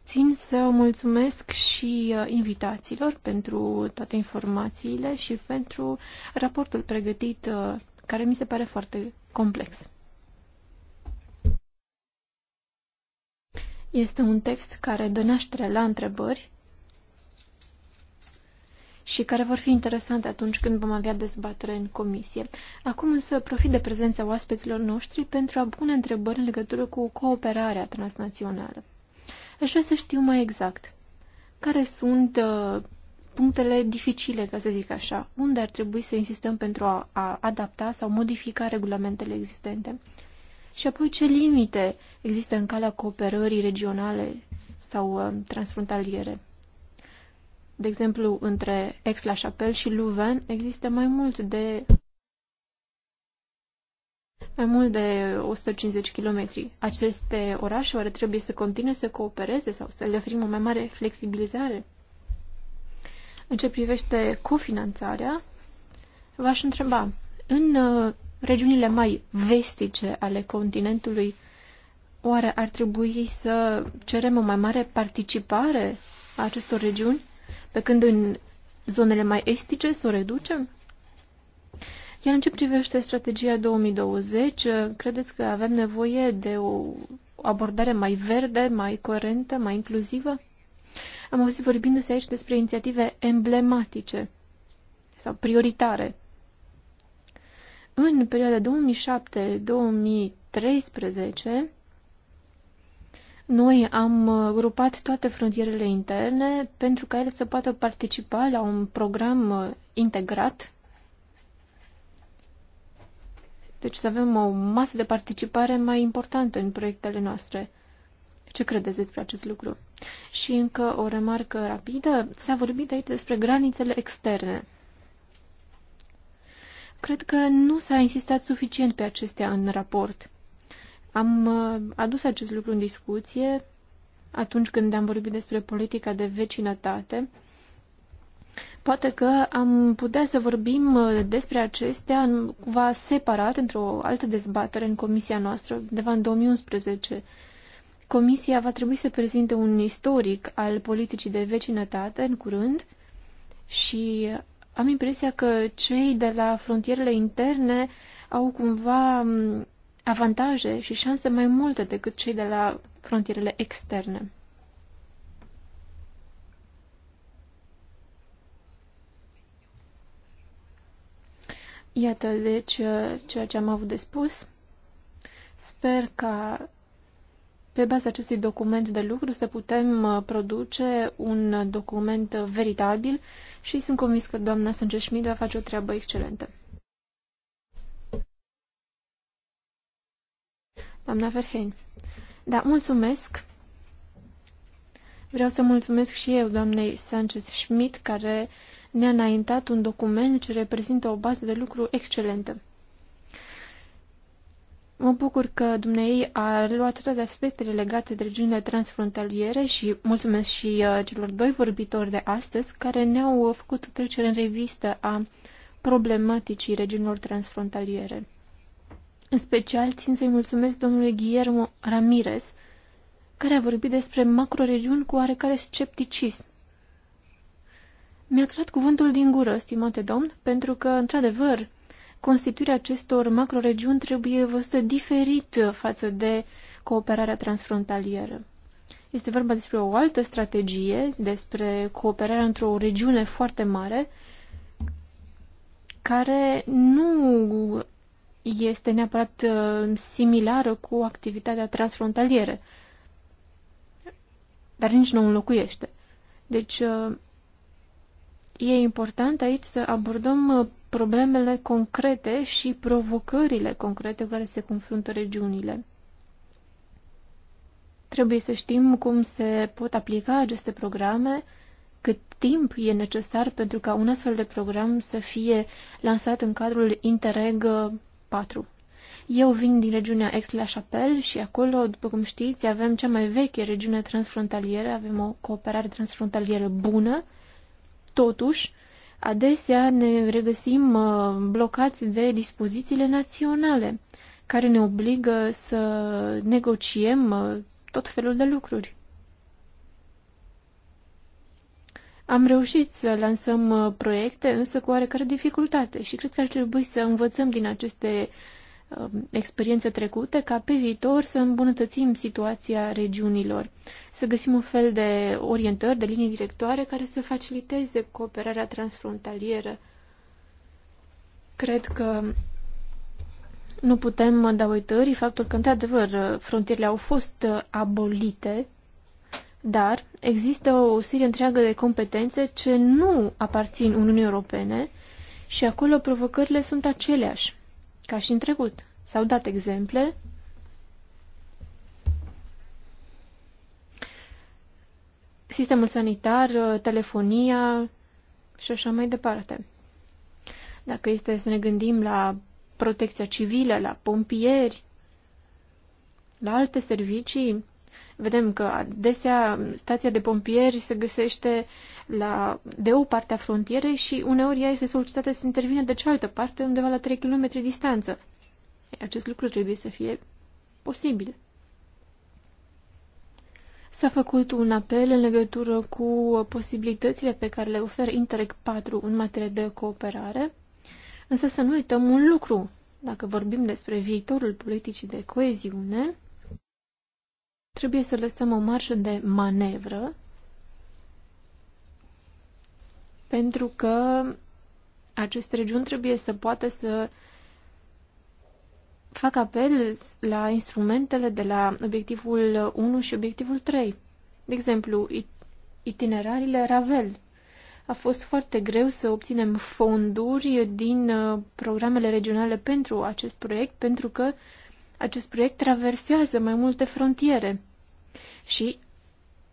Țin să mulțumesc și uh, invitațiilor pentru toate informațiile și pentru raportul pregătit, uh, care mi se pare foarte complex. Este un text care dă naștere la întrebări și care vor fi interesante atunci când vom avea dezbatere în comisie. Acum însă profit de prezența oaspeților noștri pentru a pune întrebări în legătură cu cooperarea transnațională. Aș vrea să știu mai exact care sunt uh, punctele dificile, ca să zic așa, unde ar trebui să insistăm pentru a, a adapta sau modifica regulamentele existente. Și apoi ce limite există în calea cooperării regionale sau uh, transfrontaliere de exemplu, între Aix-la-Chapelle și Louvain există mai mult de mai mult de 150 km. Aceste orașe oare trebuie să continue să coopereze sau să le oferim o mai mare flexibilizare? În ce privește cofinanțarea, v-aș întreba, în uh, regiunile mai vestice ale continentului, oare ar trebui să cerem o mai mare participare a acestor regiuni? pe când în zonele mai estice să o reducem? Iar în ce privește strategia 2020, credeți că avem nevoie de o abordare mai verde, mai coerentă, mai inclusivă? Am auzit vorbindu-se aici despre inițiative emblematice sau prioritare. În perioada 2007-2013, noi am uh, grupat toate frontierele interne pentru ca ele să poată participa la un program uh, integrat. Deci să avem o masă de participare mai importantă în proiectele noastre. Ce credeți despre acest lucru? Și încă o remarcă rapidă. S-a vorbit aici despre granițele externe. Cred că nu s-a insistat suficient pe acestea în raport. Am uh, adus acest lucru în discuție atunci când am vorbit despre politica de vecinătate. Poate că am putea să vorbim uh, despre acestea cumva separat, într-o altă dezbatere în comisia noastră, undeva în 2011. Comisia va trebui să prezinte un istoric al politicii de vecinătate în curând și am impresia că cei de la frontierele interne au cumva mm, avantaje și șanse mai multe decât cei de la frontierele externe. Iată, deci, ceea ce am avut de spus. Sper ca pe baza acestui document de lucru să putem uh, produce un document veritabil și sunt convins că doamna Sângeșmid va face o treabă excelentă. Doamna Verheyen. Da, mulțumesc. Vreau să mulțumesc și eu doamnei Sanchez-Schmidt, care ne-a înaintat un document ce reprezintă o bază de lucru excelentă. Mă bucur că dumnei a luat toate aspectele legate de regiunile transfrontaliere și mulțumesc și uh, celor doi vorbitori de astăzi care ne-au făcut o trecere în revistă a problematicii regiunilor transfrontaliere. În special, țin să-i mulțumesc domnului Guillermo Ramirez, care a vorbit despre macroregiuni cu oarecare scepticism. Mi-ați luat cuvântul din gură, stimate domn, pentru că, într-adevăr, constituirea acestor macroregiuni trebuie văzută diferit față de cooperarea transfrontalieră. Este vorba despre o altă strategie, despre cooperarea într-o regiune foarte mare, care nu este neapărat uh, similară cu activitatea transfrontalieră, dar nici nu înlocuiește. Deci, uh, e important aici să abordăm uh, problemele concrete și provocările concrete cu care se confruntă regiunile. Trebuie să știm cum se pot aplica aceste programe, cât timp e necesar pentru ca un astfel de program să fie lansat în cadrul Interreg 4. Eu vin din regiunea Aix-la-Chapelle și acolo, după cum știți, avem cea mai veche regiune transfrontalieră, avem o cooperare transfrontalieră bună. Totuși, adesea ne regăsim uh, blocați de dispozițiile naționale, care ne obligă să negociem uh, tot felul de lucruri. Am reușit să lansăm uh, proiecte, însă cu oarecare dificultate și cred că ar trebui să învățăm din aceste um, experiențe trecute ca pe viitor să îmbunătățim situația regiunilor, să găsim un fel de orientări, de linii directoare care să faciliteze cooperarea transfrontalieră. Cred că nu putem da uitării faptul că, într-adevăr, frontierele au fost uh, abolite dar există o serie întreagă de competențe ce nu aparțin Uniunii Europene și acolo provocările sunt aceleași, ca și în trecut. S-au dat exemple. Sistemul sanitar, telefonia și așa mai departe. Dacă este să ne gândim la protecția civilă, la pompieri, la alte servicii, Vedem că adesea stația de pompieri se găsește la, de o parte a frontierei și uneori ea este solicitată să intervine de cealaltă parte, undeva la 3 km distanță. Acest lucru trebuie să fie posibil. S-a făcut un apel în legătură cu posibilitățile pe care le oferă Interreg 4 în materie de cooperare, însă să nu uităm un lucru. Dacă vorbim despre viitorul politicii de coeziune, Trebuie să lăsăm o marjă de manevră pentru că acest regiuni trebuie să poată să fac apel la instrumentele de la obiectivul 1 și obiectivul 3. De exemplu, itinerariile Ravel. A fost foarte greu să obținem fonduri din uh, programele regionale pentru acest proiect, pentru că acest proiect traversează mai multe frontiere și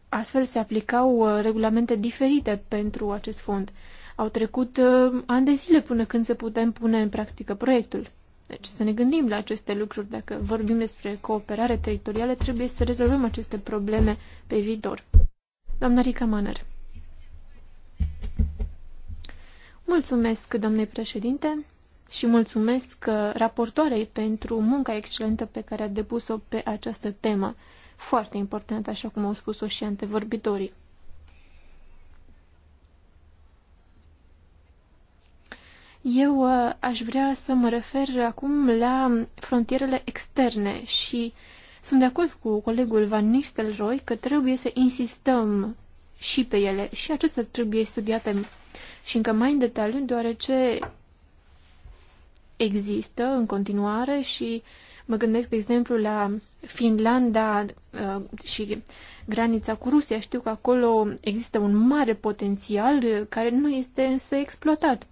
astfel se aplicau uh, regulamente diferite pentru acest fond. Au trecut uh, ani de zile până când se putem pune în practică proiectul. Deci să ne gândim la aceste lucruri. Dacă vorbim despre cooperare teritorială, trebuie să rezolvăm aceste probleme pe viitor. Doamna Rica Maner. Mulțumesc, domnule președinte și mulțumesc uh, raportoarei pentru munca excelentă pe care a depus-o pe această temă, foarte importantă, așa cum au spus-o și antevorbitorii. Eu uh, aș vrea să mă refer acum la frontierele externe și sunt de acord cu colegul Van Nistelrooy că trebuie să insistăm și pe ele și acestea trebuie studiate și încă mai în detaliu, deoarece există în continuare și mă gândesc, de exemplu, la Finlanda uh, și granița cu Rusia. Știu că acolo există un mare potențial care nu este însă exploatat.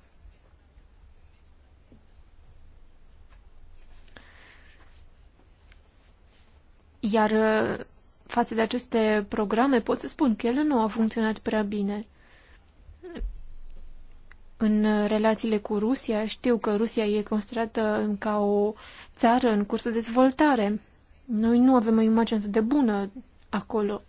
Iar uh, față de aceste programe pot să spun că ele nu au funcționat prea bine în relațiile cu Rusia. Știu că Rusia e considerată ca o țară în curs de dezvoltare. Noi nu avem o imagine atât de bună acolo.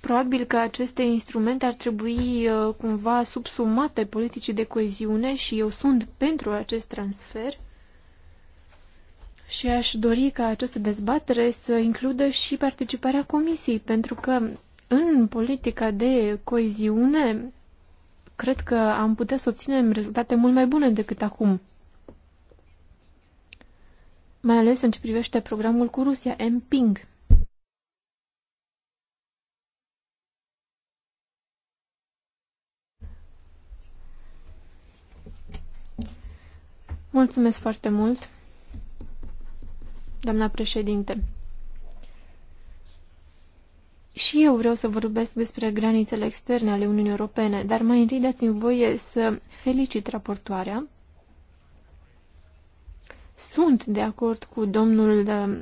Probabil că aceste instrumente ar trebui uh, cumva subsumate politicii de coeziune și eu sunt pentru acest transfer. Și aș dori ca această dezbatere să includă și participarea comisiei, pentru că în politica de coeziune cred că am putea să obținem rezultate mult mai bune decât acum. Mai ales în ce privește programul cu Rusia, MPing. Mulțumesc foarte mult, doamna președinte. Și eu vreau să vorbesc despre granițele externe ale Uniunii Europene, dar mai întâi dați-mi voie să felicit raportoarea. Sunt de acord cu domnul uh,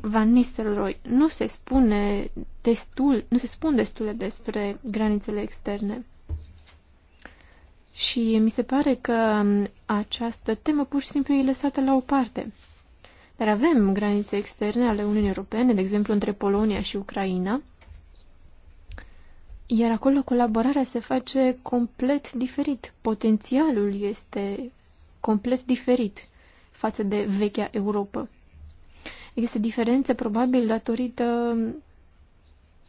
Van Nistelrooy. Nu se spune destul, nu se spun destul despre granițele externe. Și mi se pare că um, această temă pur și simplu e lăsată la o parte. Dar avem granițe externe ale Uniunii Europene, de exemplu între Polonia și Ucraina, iar acolo colaborarea se face complet diferit. Potențialul este complet diferit față de vechea Europa. Există diferențe probabil datorită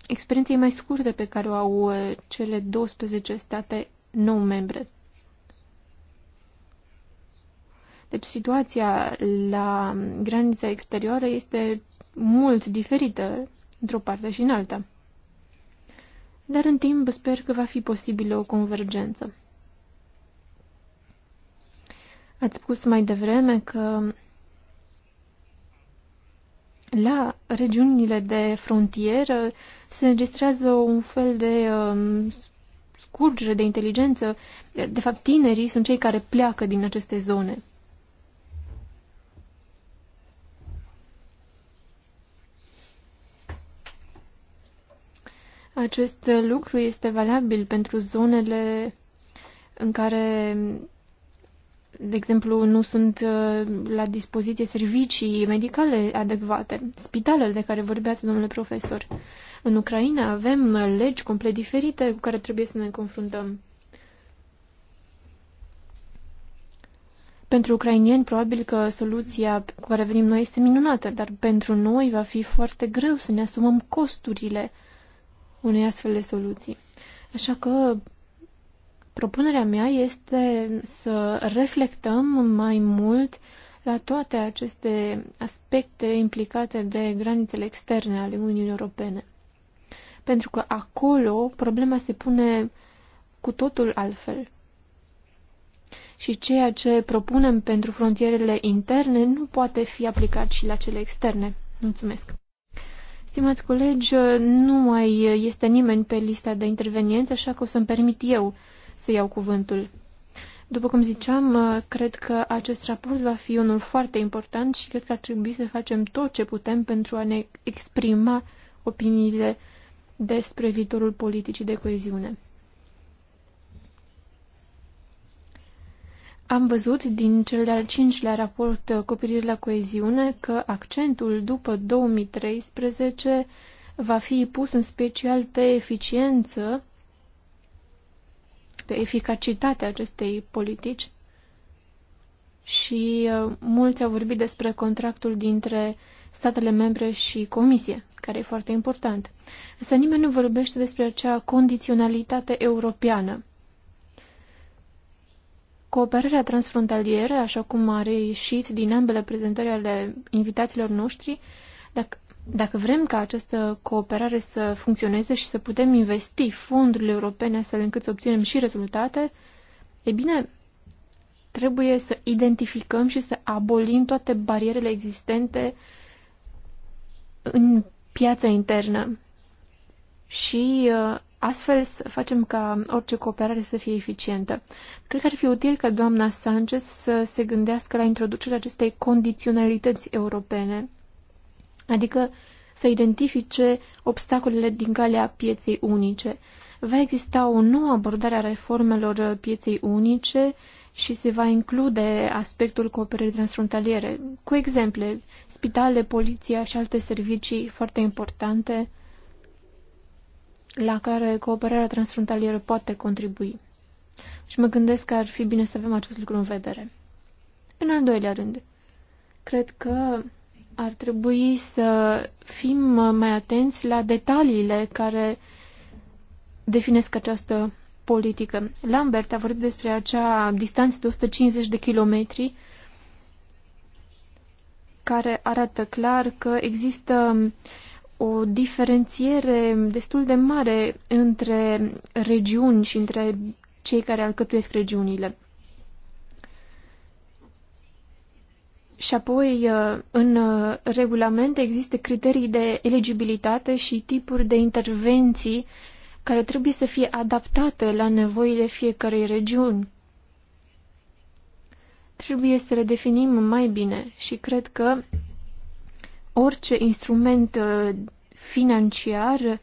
experienței mai scurte pe care o au uh, cele 12 state nou membre. Deci situația la granița exterioară este mult diferită într-o parte și în alta dar în timp sper că va fi posibilă o convergență. Ați spus mai devreme că la regiunile de frontieră se înregistrează un fel de um, scurgere de inteligență. De fapt, tinerii sunt cei care pleacă din aceste zone. Acest lucru este valabil pentru zonele în care, de exemplu, nu sunt uh, la dispoziție servicii medicale adecvate, spitalele de care vorbeați, domnule profesor. În Ucraina avem legi complet diferite cu care trebuie să ne confruntăm. Pentru ucrainieni, probabil că soluția cu care venim noi este minunată, dar pentru noi va fi foarte greu să ne asumăm costurile unei astfel de soluții. Așa că propunerea mea este să reflectăm mai mult la toate aceste aspecte implicate de granițele externe ale Uniunii Europene. Pentru că acolo problema se pune cu totul altfel. Și ceea ce propunem pentru frontierele interne nu poate fi aplicat și la cele externe. Mulțumesc! Stimați colegi, nu mai este nimeni pe lista de intervenienți, așa că o să-mi permit eu să iau cuvântul. După cum ziceam, cred că acest raport va fi unul foarte important și cred că ar trebui să facem tot ce putem pentru a ne exprima opiniile despre viitorul politicii de coeziune. Am văzut din cel de-al cincilea raport cu privire la coeziune că accentul după 2013 va fi pus în special pe eficiență, pe eficacitatea acestei politici și uh, mulți au vorbit despre contractul dintre statele membre și Comisie, care e foarte important. Însă nimeni nu vorbește despre acea condiționalitate europeană Cooperarea transfrontalieră, așa cum a reieșit din ambele prezentări ale invitaților noștri, dacă, dacă vrem ca această cooperare să funcționeze și să putem investi fondurile europene astfel încât să obținem și rezultate, e bine, trebuie să identificăm și să abolim toate barierele existente în piața internă și uh, astfel să facem ca orice cooperare să fie eficientă. Cred că ar fi util ca doamna Sanchez să se gândească la introducerea acestei condiționalități europene, adică să identifice obstacolele din calea pieței unice. Va exista o nouă abordare a reformelor pieței unice și se va include aspectul cooperării transfrontaliere, cu exemple, spitale, poliția și alte servicii foarte importante la care cooperarea transfrontalieră poate contribui. Și mă gândesc că ar fi bine să avem acest lucru în vedere. În al doilea rând, cred că ar trebui să fim mai atenți la detaliile care definesc această politică. Lambert a vorbit despre acea distanță de 150 de kilometri care arată clar că există o diferențiere destul de mare între regiuni și între cei care alcătuiesc regiunile. Și apoi, uh, în uh, regulament există criterii de eligibilitate și tipuri de intervenții care trebuie să fie adaptate la nevoile fiecărei regiuni. Trebuie să le definim mai bine și cred că orice instrument uh, financiar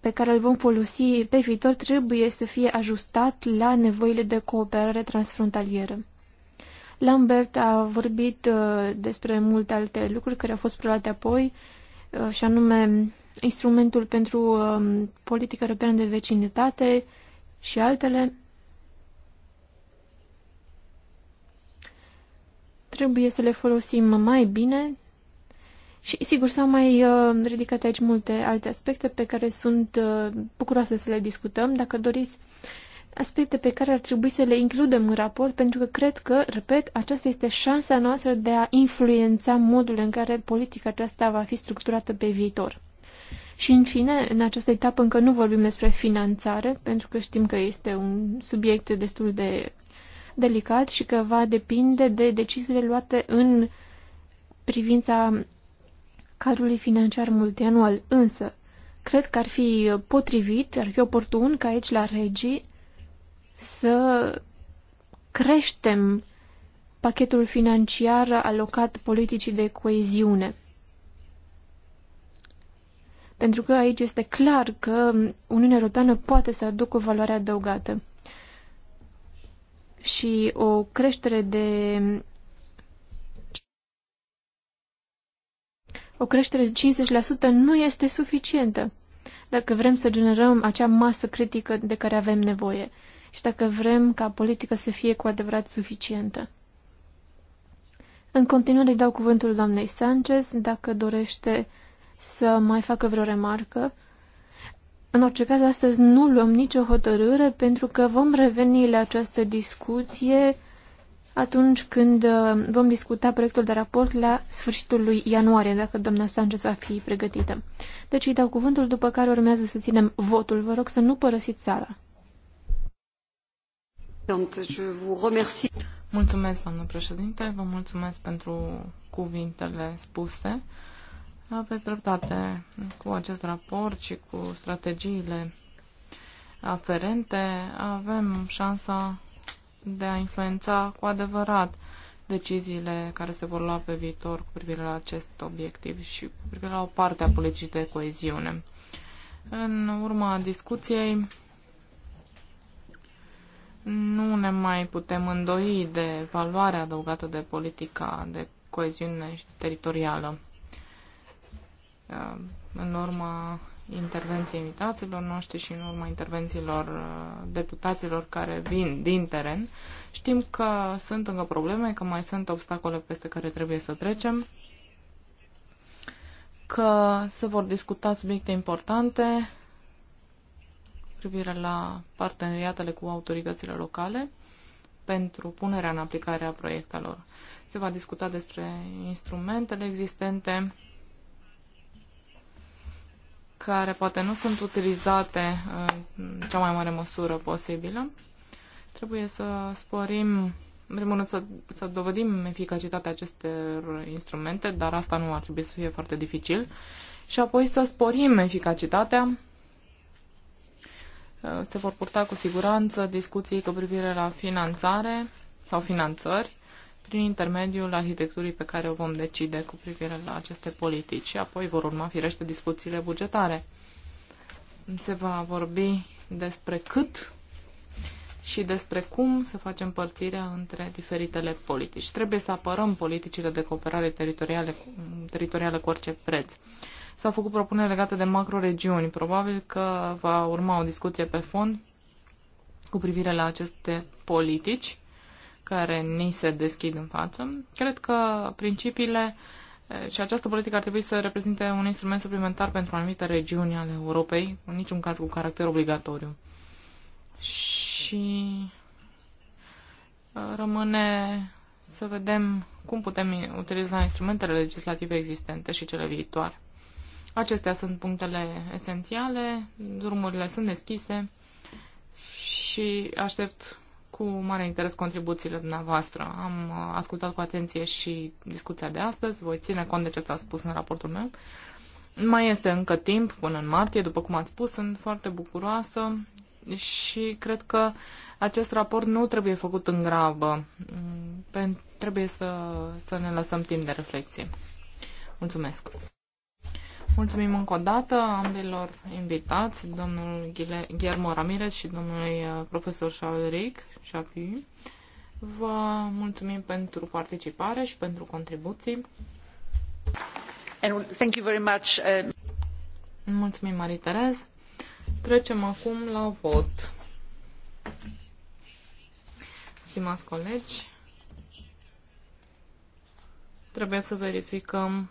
pe care îl vom folosi pe viitor trebuie să fie ajustat la nevoile de cooperare transfrontalieră. Lambert a vorbit uh, despre multe alte lucruri care au fost preluate apoi, uh, și anume instrumentul pentru um, politică europeană de vecinătate și altele. trebuie să le folosim mai bine și, sigur, s-au mai uh, ridicat aici multe alte aspecte pe care sunt uh, bucuroasă să le discutăm, dacă doriți, aspecte pe care ar trebui să le includem în raport, pentru că cred că, repet, aceasta este șansa noastră de a influența modul în care politica aceasta va fi structurată pe viitor. Și, în fine, în această etapă încă nu vorbim despre finanțare, pentru că știm că este un subiect destul de delicat și că va depinde de deciziile luate în privința cadrului financiar multianual. Însă, cred că ar fi potrivit, ar fi oportun ca aici la regii să creștem pachetul financiar alocat politicii de coeziune. Pentru că aici este clar că Uniunea Europeană poate să aducă o valoare adăugată și o creștere de o creștere de 50% nu este suficientă dacă vrem să generăm acea masă critică de care avem nevoie și dacă vrem ca politica să fie cu adevărat suficientă. În continuare dau cuvântul doamnei Sanchez dacă dorește să mai facă vreo remarcă în orice caz, astăzi nu luăm nicio hotărâre pentru că vom reveni la această discuție atunci când uh, vom discuta proiectul de raport la sfârșitul lui ianuarie, dacă doamna Sanchez va fi pregătită. Deci îi dau cuvântul, după care urmează să ținem votul. Vă rog să nu părăsiți sala. Mulțumesc, doamnă președinte, vă mulțumesc pentru cuvintele spuse. Aveți dreptate cu acest raport și cu strategiile aferente. Avem șansa de a influența cu adevărat deciziile care se vor lua pe viitor cu privire la acest obiectiv și cu privire la o parte a politicii de coeziune. În urma discuției nu ne mai putem îndoi de valoarea adăugată de politica de coeziune teritorială. Uh, în urma intervenției invitațiilor noștri și în urma intervențiilor uh, deputaților care vin din teren. Știm că sunt încă probleme, că mai sunt obstacole peste care trebuie să trecem, că se vor discuta subiecte importante privire la parteneriatele cu autoritățile locale pentru punerea în aplicare a proiectelor. Se va discuta despre instrumentele existente, care poate nu sunt utilizate în cea mai mare măsură posibilă. Trebuie să sporim, în primul rând, să, să dovedim eficacitatea acestor instrumente, dar asta nu ar trebui să fie foarte dificil, și apoi să sporim eficacitatea. Se vor purta cu siguranță discuții cu privire la finanțare sau finanțări prin intermediul arhitecturii pe care o vom decide cu privire la aceste politici apoi vor urma firește discuțiile bugetare. Se va vorbi despre cât și despre cum să facem părțirea între diferitele politici. Trebuie să apărăm politicile de cooperare teritoriale, teritorială cu orice preț. S-au făcut propuneri legate de macroregiuni. Probabil că va urma o discuție pe fond cu privire la aceste politici care ni se deschid în față. Cred că principiile și această politică ar trebui să reprezinte un instrument suplimentar pentru anumite regiuni ale Europei, în niciun caz cu caracter obligatoriu. Și rămâne să vedem cum putem utiliza instrumentele legislative existente și cele viitoare. Acestea sunt punctele esențiale, drumurile sunt deschise și aștept cu mare interes contribuțiile dumneavoastră. Am uh, ascultat cu atenție și discuția de astăzi, voi ține cont de ce ți-a spus în raportul meu. Mai este încă timp până în martie, după cum ați spus, sunt foarte bucuroasă și cred că acest raport nu trebuie făcut în grabă. Mm, trebuie să, să ne lăsăm timp de reflexie. Mulțumesc! Mulțumim încă o dată ambilor invitați, domnul Guillermo Ramirez și domnului uh, profesor Chalric Chapi. Vă mulțumim pentru participare și pentru contribuții. And thank you very much. Uh, mulțumim, Marie Terez. Trecem acum la vot. Stimați colegi, trebuie să verificăm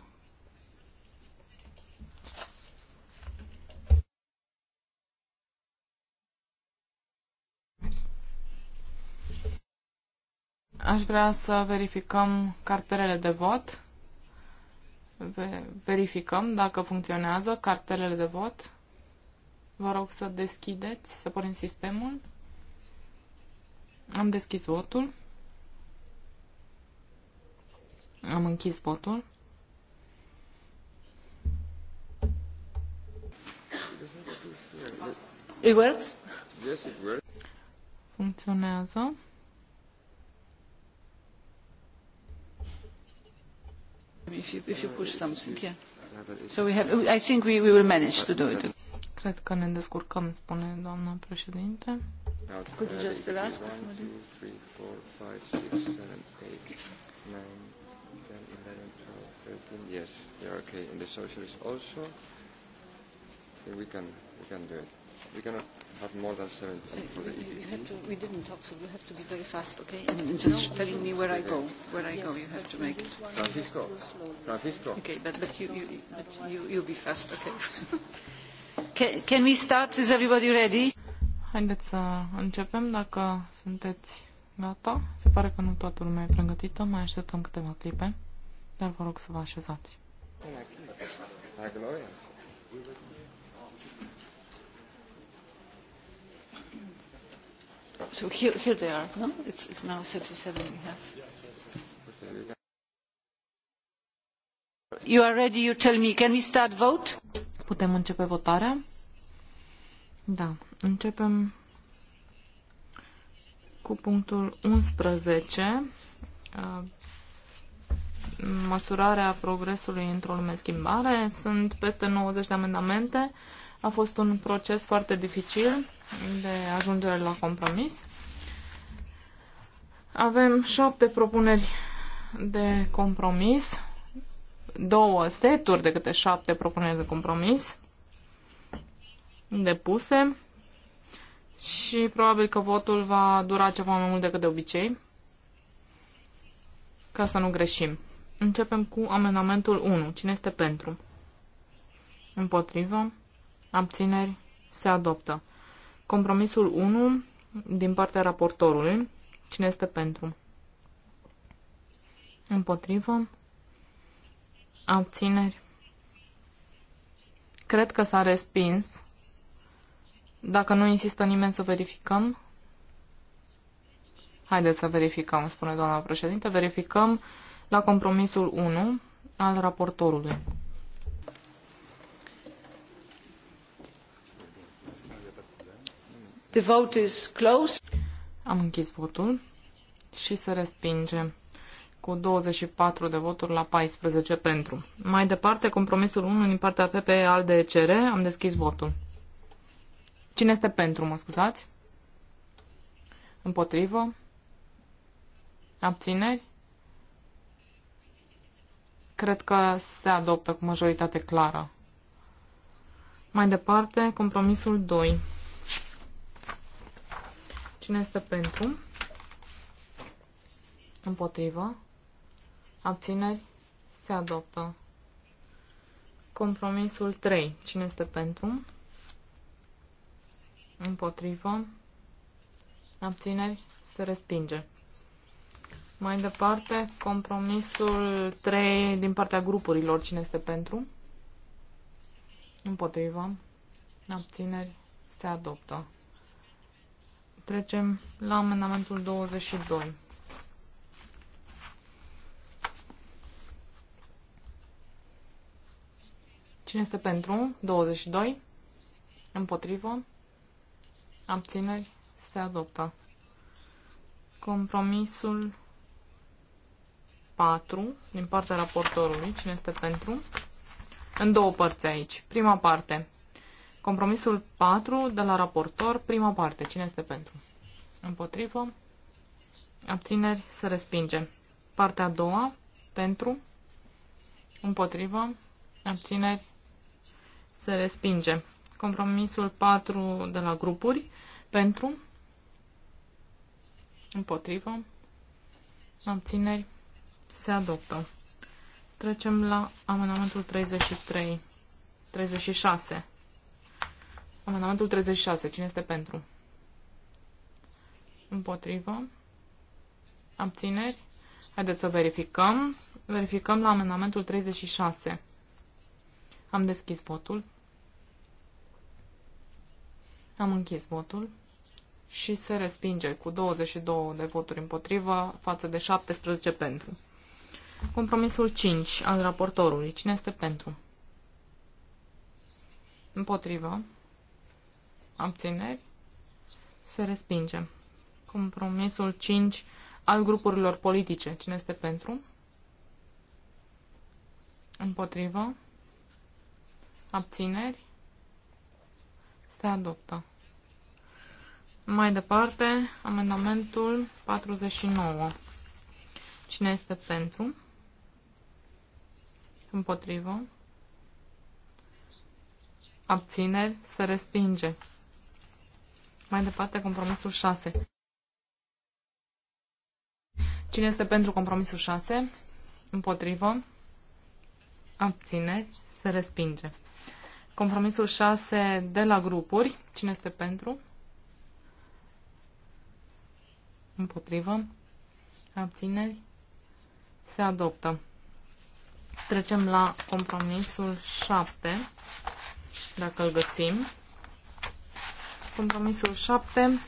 Aș vrea să verificăm cartelele de vot. Verificăm dacă funcționează cartelele de vot. Vă rog să deschideți, să pornim sistemul. Am deschis votul. Am închis votul. It works? Yes, it works. Funcționează. If you, push something, yeah. So we have, I think we, we will manage to do it. Cred că ne descurcăm, spune doamna președinte. Could you just Yes, you're okay. And the socialists also. we can, we can do it. We're going to have more than 17 for the EPP. You have to, we didn't talk, so you have to be very fast, okay? And just no, telling me where I go. Where I yes, go, you have to make it. Francisco. Francisco. Okay, but, but, you, you, but you, you be fast, okay? can, can we start? Is everybody ready? Haideți să începem dacă sunteți gata. Se pare că nu toată lumea e pregătită. Mai așteptăm câteva clipe, dar vă rog să vă așezați. Hai, Gloria. so here, here they are, no? It's, it's now 37 we have. You are ready, you tell me. Can we start vote? Putem începe votarea? Da, începem cu punctul 11. Uh, măsurarea progresului într-o lume schimbare. Sunt peste 90 de amendamente. A fost un proces foarte dificil de ajungere la compromis. Avem șapte propuneri de compromis, două seturi de câte șapte propuneri de compromis depuse și probabil că votul va dura ceva mai mult decât de obicei, ca să nu greșim. Începem cu amendamentul 1. Cine este pentru? Împotrivă? abțineri, se adoptă. Compromisul 1 din partea raportorului. Cine este pentru? Împotrivă. Abțineri. Cred că s-a respins. Dacă nu insistă nimeni să verificăm. Haideți să verificăm, spune doamna președinte. Verificăm la compromisul 1 al raportorului. The vote is closed. Am închis votul și se respinge cu 24 de voturi la 14 pentru. Mai departe, compromisul 1 din partea PP al DCR, am deschis votul. Cine este pentru, mă scuzați? Împotrivă? Abțineri? Cred că se adoptă cu majoritate clară. Mai departe, compromisul 2. Cine este pentru? Împotrivă. Abțineri. Se adoptă. Compromisul 3. Cine este pentru? Împotrivă. Abțineri. Se respinge. Mai departe, compromisul 3 din partea grupurilor. Cine este pentru? Împotrivă. Abțineri. Se adoptă. Trecem la amendamentul 22. Cine este pentru? 22. Împotrivă. Abțineri. Se adoptă. Compromisul 4 din partea raportorului. Cine este pentru? În două părți aici. Prima parte. Compromisul 4 de la raportor, prima parte. Cine este pentru? Împotrivă. Abțineri se respinge. Partea a doua, pentru. Împotrivă. Abțineri se respinge. Compromisul 4 de la grupuri, pentru. Împotrivă. Abțineri se adoptă. Trecem la amendamentul 33. 36 Amendamentul 36. Cine este pentru? Împotrivă. Abțineri. Haideți să verificăm. Verificăm la amendamentul 36. Am deschis votul. Am închis votul și se respinge cu 22 de voturi împotrivă față de 17 pentru. Compromisul 5 al raportorului. Cine este pentru? Împotrivă abțineri, se respinge. Compromisul 5 al grupurilor politice. Cine este pentru? Împotrivă? Abțineri? Se adoptă. Mai departe, amendamentul 49. Cine este pentru? Împotrivă? Abțineri? Se respinge. Mai departe, compromisul 6. Cine este pentru compromisul 6? Împotrivă. Abțineri. Se respinge. Compromisul 6 de la grupuri. Cine este pentru? Împotrivă. Abțineri. Se adoptă. Trecem la compromisul 7, dacă îl găsim. Compromisul 7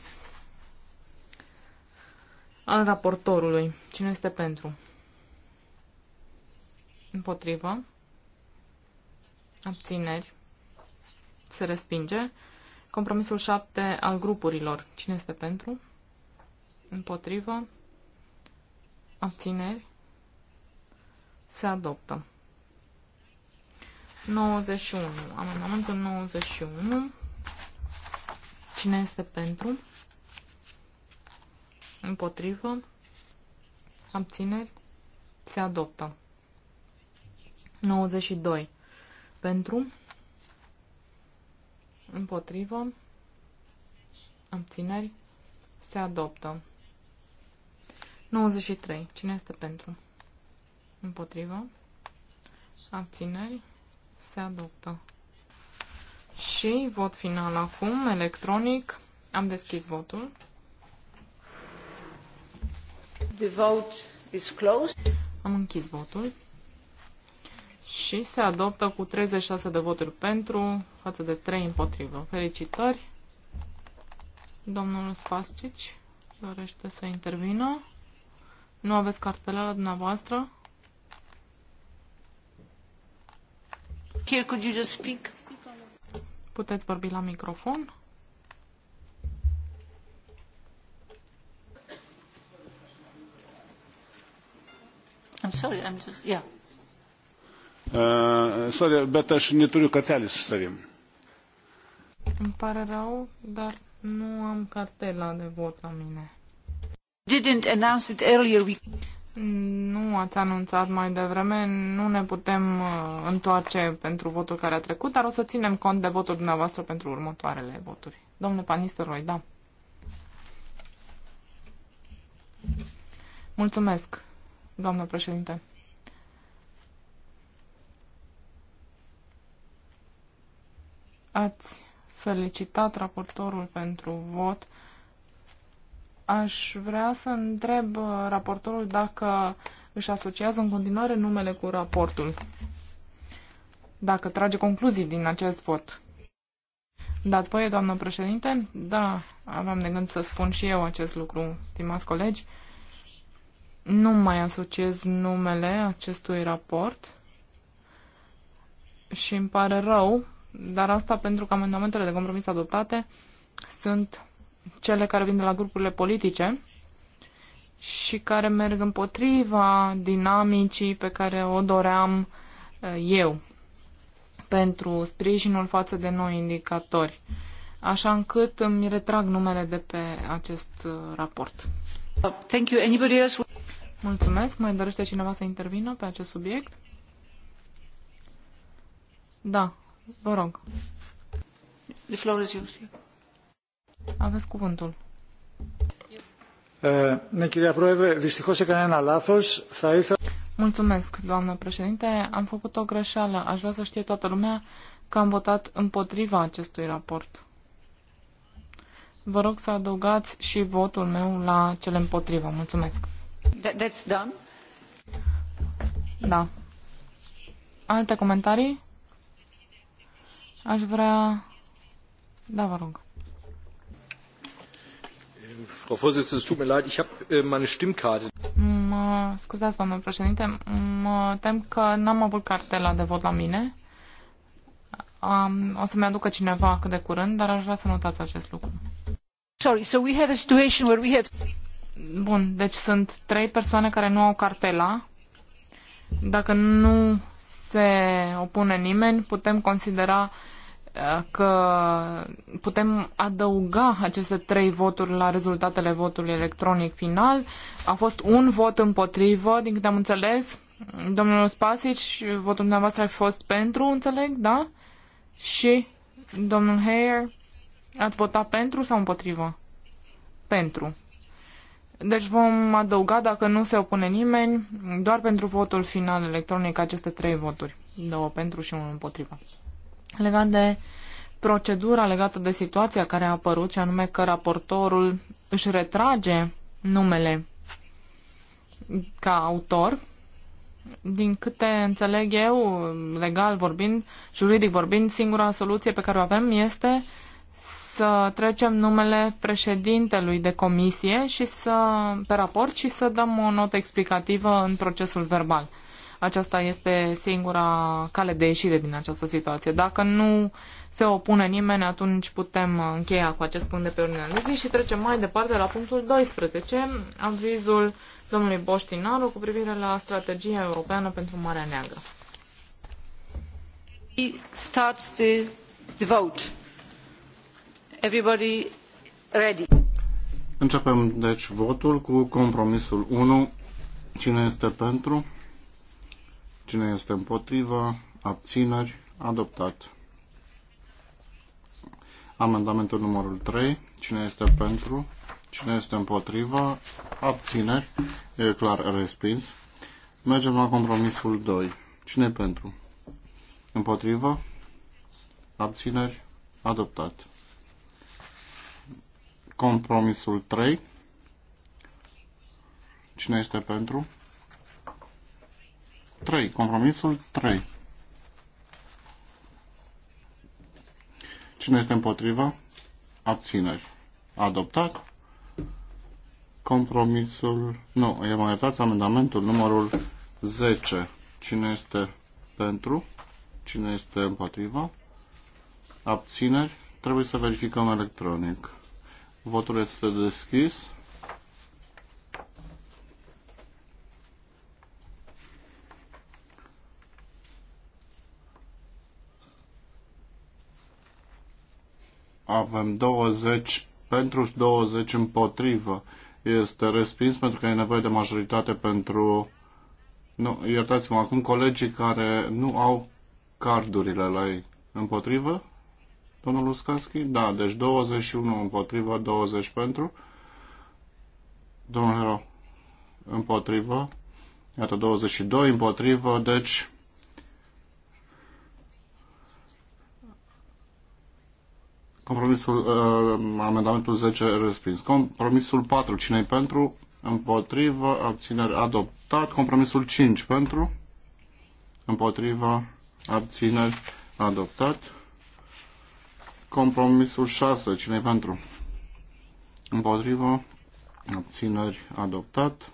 al raportorului. Cine este pentru? Împotrivă. Abțineri. Se respinge. Compromisul 7 al grupurilor. Cine este pentru? Împotrivă. Abțineri. Se adoptă. 91. Amendamentul 91. Cine este pentru? Împotrivă? Abțineri? Se adoptă. 92. Pentru? Împotrivă? Abțineri? Se adoptă. 93. Cine este pentru? Împotrivă? Abțineri? Se adoptă. Și vot final acum, electronic. Am deschis votul. The vote is closed. Am închis votul. Și se adoptă cu 36 de voturi pentru, față de 3 împotrivă. Felicitări! Domnul Spascici dorește să intervină. Nu aveți cartela la dumneavoastră? Here, could you just speak? Puteți vorbi la microfon. I'm sorry, I'm just, yeah. Uh, sorry, bet aš neturiu kartelės su savim. Îmi pare rău, dar nu am cartela de vot la mine. Didn't announce it earlier. We... Nu ați anunțat mai devreme, nu ne putem uh, întoarce pentru votul care a trecut, dar o să ținem cont de votul dumneavoastră pentru următoarele voturi. Domnule Panisteroi, da. Mulțumesc, doamnă președinte. Ați felicitat raportorul pentru vot. Aș vrea să întreb uh, raportorul dacă își asociază în continuare numele cu raportul, dacă trage concluzii din acest vot. Dați voie, doamnă președinte? Da, aveam de gând să spun și eu acest lucru, stimați colegi. Nu mai asociez numele acestui raport și îmi pare rău, dar asta pentru că amendamentele de compromis adoptate sunt cele care vin de la grupurile politice și care merg împotriva dinamicii pe care o doream eh, eu pentru sprijinul față de noi indicatori, așa încât îmi retrag numele de pe acest eh, raport. Thank you. Anybody else? Mulțumesc. Mai dorește cineva să intervină pe acest subiect? Da, vă rog. The floor is yours. Aveți cuvântul. Eh, Mulțumesc, doamnă președinte. Am făcut o greșeală. Aș vrea să știe toată lumea că am votat împotriva acestui raport. Vă rog să adăugați și votul meu la cele împotrivă. Mulțumesc. That's done? Da. Alte comentarii? Aș vrea... Da, vă rog. Frau Vorsitzende, es tut mir leid, ich habe äh, meine Stimmkarte. Mă scuzați, domnul președinte, mă tem că n-am avut cartela de vot la mine. Um, o să-mi aducă cineva cât de curând, dar aș vrea să notați acest lucru. Sorry, so we have a situation where we have... Bun, deci sunt trei persoane care nu au cartela. Dacă nu se opune nimeni, putem considera uh, că putem adăuga aceste trei voturi la rezultatele votului electronic final. A fost un vot împotrivă, din câte am înțeles. Domnul Spasic, votul dumneavoastră a fost pentru, înțeleg, da? Și domnul Heyer, ați votat pentru sau împotrivă? Pentru. Deci vom adăuga, dacă nu se opune nimeni, doar pentru votul final electronic aceste trei voturi. Două pentru și unul împotrivă legat de procedura legată de situația care a apărut, și anume că raportorul își retrage numele ca autor. Din câte înțeleg eu, legal vorbind, juridic vorbind, singura soluție pe care o avem este să trecem numele președintelui de comisie și să, pe raport și să dăm o notă explicativă în procesul verbal. Aceasta este singura cale de ieșire din această situație. Dacă nu se opune nimeni, atunci putem încheia cu acest punct de pe ordinea de zi și trecem mai departe la punctul 12, avizul domnului Boștinaru cu privire la strategia europeană pentru Marea Neagră. We start the, the vote. Everybody ready. Începem deci votul cu compromisul 1. Cine este pentru? Cine este împotrivă? Abțineri? Adoptat. Amendamentul numărul 3. Cine este pentru? Cine este împotrivă? Abțineri? E clar respins. Mergem la compromisul 2. Cine pentru? Împotrivă? Abțineri? Adoptat. Compromisul 3. Cine este pentru? 3. Compromisul 3. Cine este împotriva? Abțineri. Adoptat. Compromisul... Nu, e mai dat amendamentul numărul 10. Cine este pentru? Cine este împotriva? Abțineri. Trebuie să verificăm electronic. Votul este deschis. avem 20 pentru 20 împotrivă. Este respins pentru că e nevoie de majoritate pentru... Nu, iertați-mă, acum colegii care nu au cardurile la ei împotrivă, domnul Uscanski? Da, deci 21 împotrivă, 20 pentru. Domnul Hero, împotrivă. Iată, 22 împotrivă, deci Compromisul, uh, amendamentul 10 respins. Compromisul 4, cine pentru? Împotrivă, abțineri adoptat. Compromisul 5 pentru? Împotrivă, abțineri adoptat. Compromisul 6, cine pentru? Împotrivă, abțineri adoptat.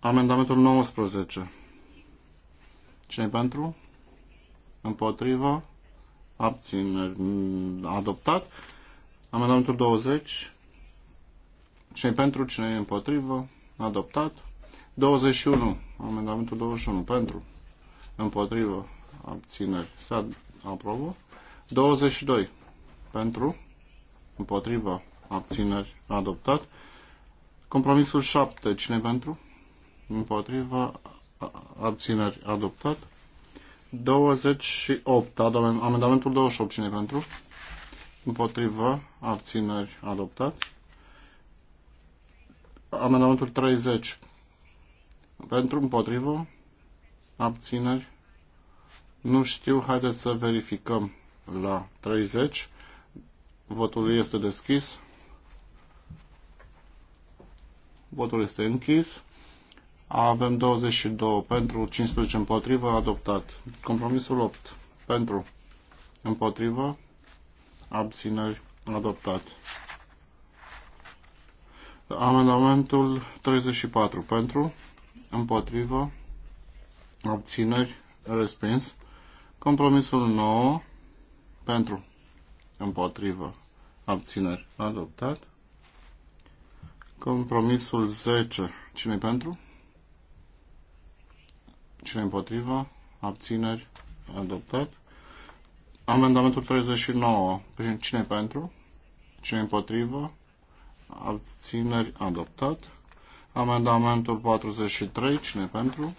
Amendamentul 19. Cine pentru? Împotrivă? abțin mm, adoptat. Amendamentul 20. Cine pentru, cine e împotrivă, adoptat. 21. Amendamentul 21. Pentru, împotrivă, abțineri, se aprobă. 22. Pentru, împotrivă, abțineri, adoptat. Compromisul 7. Cine pentru? Împotrivă, abțineri, adoptat. 28, amendamentul 28, cine pentru? Împotrivă, abțineri, adoptat. Amendamentul 30, pentru, împotrivă, abțineri. Nu știu, haideți să verificăm la 30. Votul este deschis. Votul este închis. Avem 22 pentru, 15 împotrivă, adoptat. Compromisul 8 pentru, împotrivă, abțineri, adoptat. Amendamentul 34 pentru, împotrivă, abțineri, respins. Compromisul 9 pentru, împotrivă, abțineri, adoptat. Compromisul 10, cine pentru? Cine împotrivă? Abțineri? Adoptat. Amendamentul 39. Cine pentru? Cine împotrivă? Abțineri? Adoptat. Amendamentul 43. Cine pentru?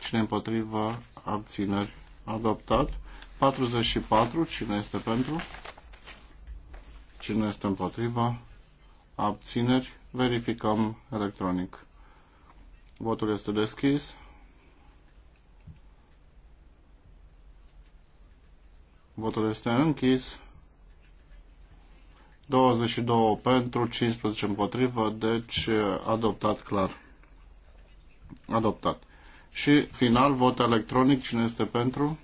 Cine împotrivă? Abțineri? Adoptat. 44. Cine este pentru? Cine este împotrivă? Abțineri? Verificăm electronic. Votul este deschis. Votul este închis. 22 pentru, 15 împotrivă, deci uh, adoptat clar. Adoptat. Și final, vot electronic. Cine este pentru?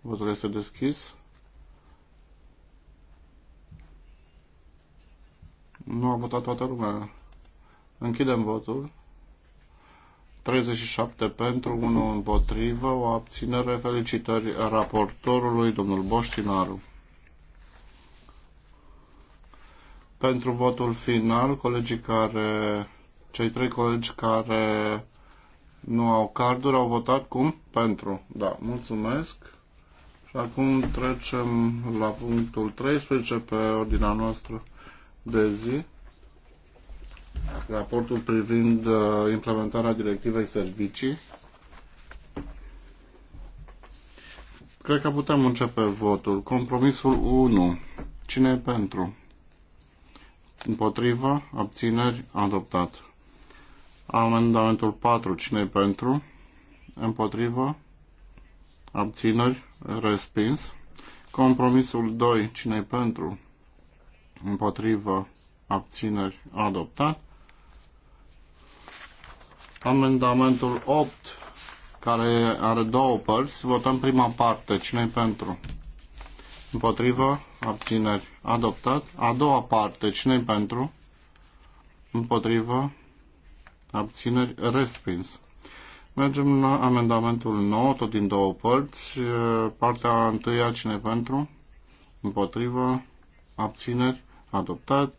Votul este deschis. Nu a votat toată lumea. Închidem votul. 37 pentru, 1 împotrivă, o abținere. Felicitări raportorului, domnul Boștinaru. Pentru votul final, colegii care, cei trei colegi care nu au carduri au votat cum? Pentru. Da, mulțumesc. Și acum trecem la punctul 13 pe ordinea noastră de zi raportul privind uh, implementarea directivei servicii. Cred că putem începe votul. Compromisul 1. Cine e pentru? Împotriva? Abțineri? Adoptat. Amendamentul 4. Cine e pentru? Împotriva? Abțineri? Respins. Compromisul 2. Cine e pentru? Împotriva? Abțineri? Adoptat. Amendamentul 8, care are două părți, votăm prima parte. cine pentru? Împotrivă? Abțineri. Adoptat. A doua parte. cine pentru? Împotrivă? Abțineri. Respins. Mergem la amendamentul 9, tot din două părți. Partea întâia, cine pentru? Împotrivă? Abțineri. Adoptat.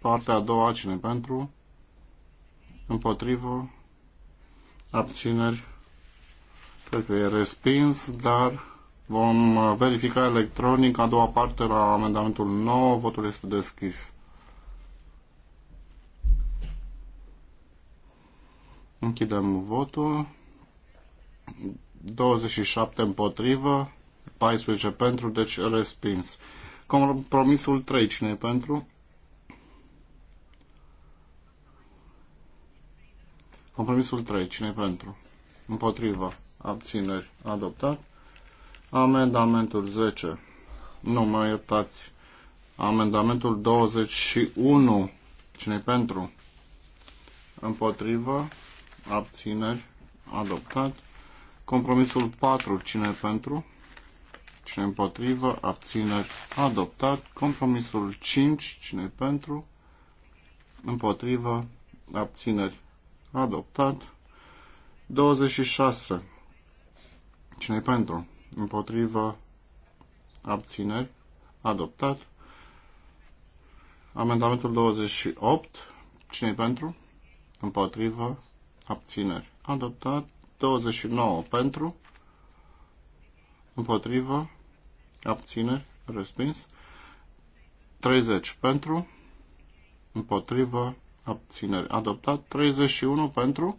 Partea a doua, cine pentru? Împotrivă? abțineri, cred că e respins, dar vom verifica electronic a doua parte la amendamentul 9, votul este deschis. Închidem votul. 27 împotrivă, 14 pentru, deci respins. Compromisul 3, cine e pentru? Compromisul 3. Cine pentru? Împotriva. Abțineri. Adoptat. Amendamentul 10. Nu, mă iertați. Amendamentul 21. cine pentru? Împotriva. Abțineri. Adoptat. Compromisul 4. Cine pentru? Cine împotrivă? Abțineri. Adoptat. Compromisul 5. Cine pentru? Împotrivă. Abțineri adoptat. 26. cine pentru? Împotrivă, abțineri, adoptat. Amendamentul 28. cine pentru? Împotrivă, abțineri, adoptat. 29 pentru, împotrivă, abțineri, respins. 30 pentru, împotrivă, abțineri adoptat, 31 pentru,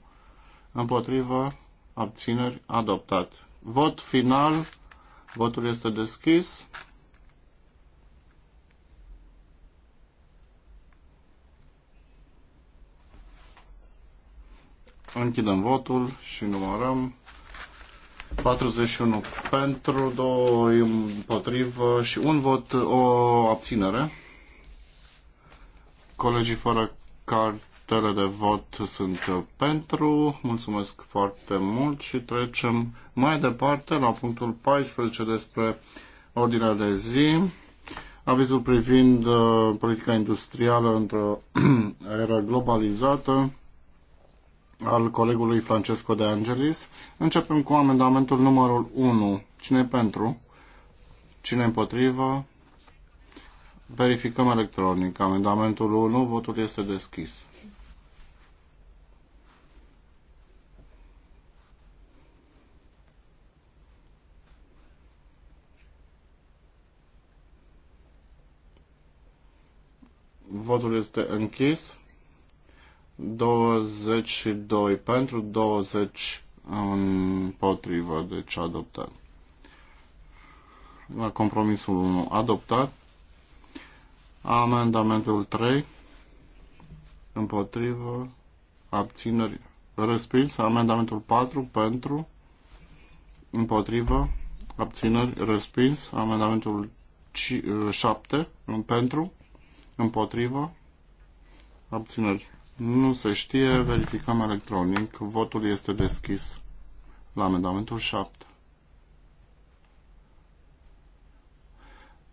împotrivă, abțineri adoptat. Vot final, votul este deschis. Închidem votul și numărăm. 41 pentru, 2 împotrivă și un vot, o abținere. Colegii fără cartele de vot sunt pentru. Mulțumesc foarte mult și trecem mai departe la punctul 14 despre ordinea de zi. Avizul privind uh, politica industrială într-o era globalizată al colegului Francesco de Angelis. Începem cu amendamentul numărul 1. Cine pentru? Cine împotrivă? Verificăm electronic. Amendamentul 1, votul este deschis. Votul este închis. 22 pentru, 20 împotrivă, deci adoptat. La compromisul 1 adoptat. Amendamentul 3. Împotrivă. Abțineri. Respins. Amendamentul 4. Pentru. Împotrivă. Abțineri. Respins. Amendamentul 7. Uh, pentru. Împotrivă. Abțineri. Nu se știe. Verificăm electronic. Votul este deschis la amendamentul 7.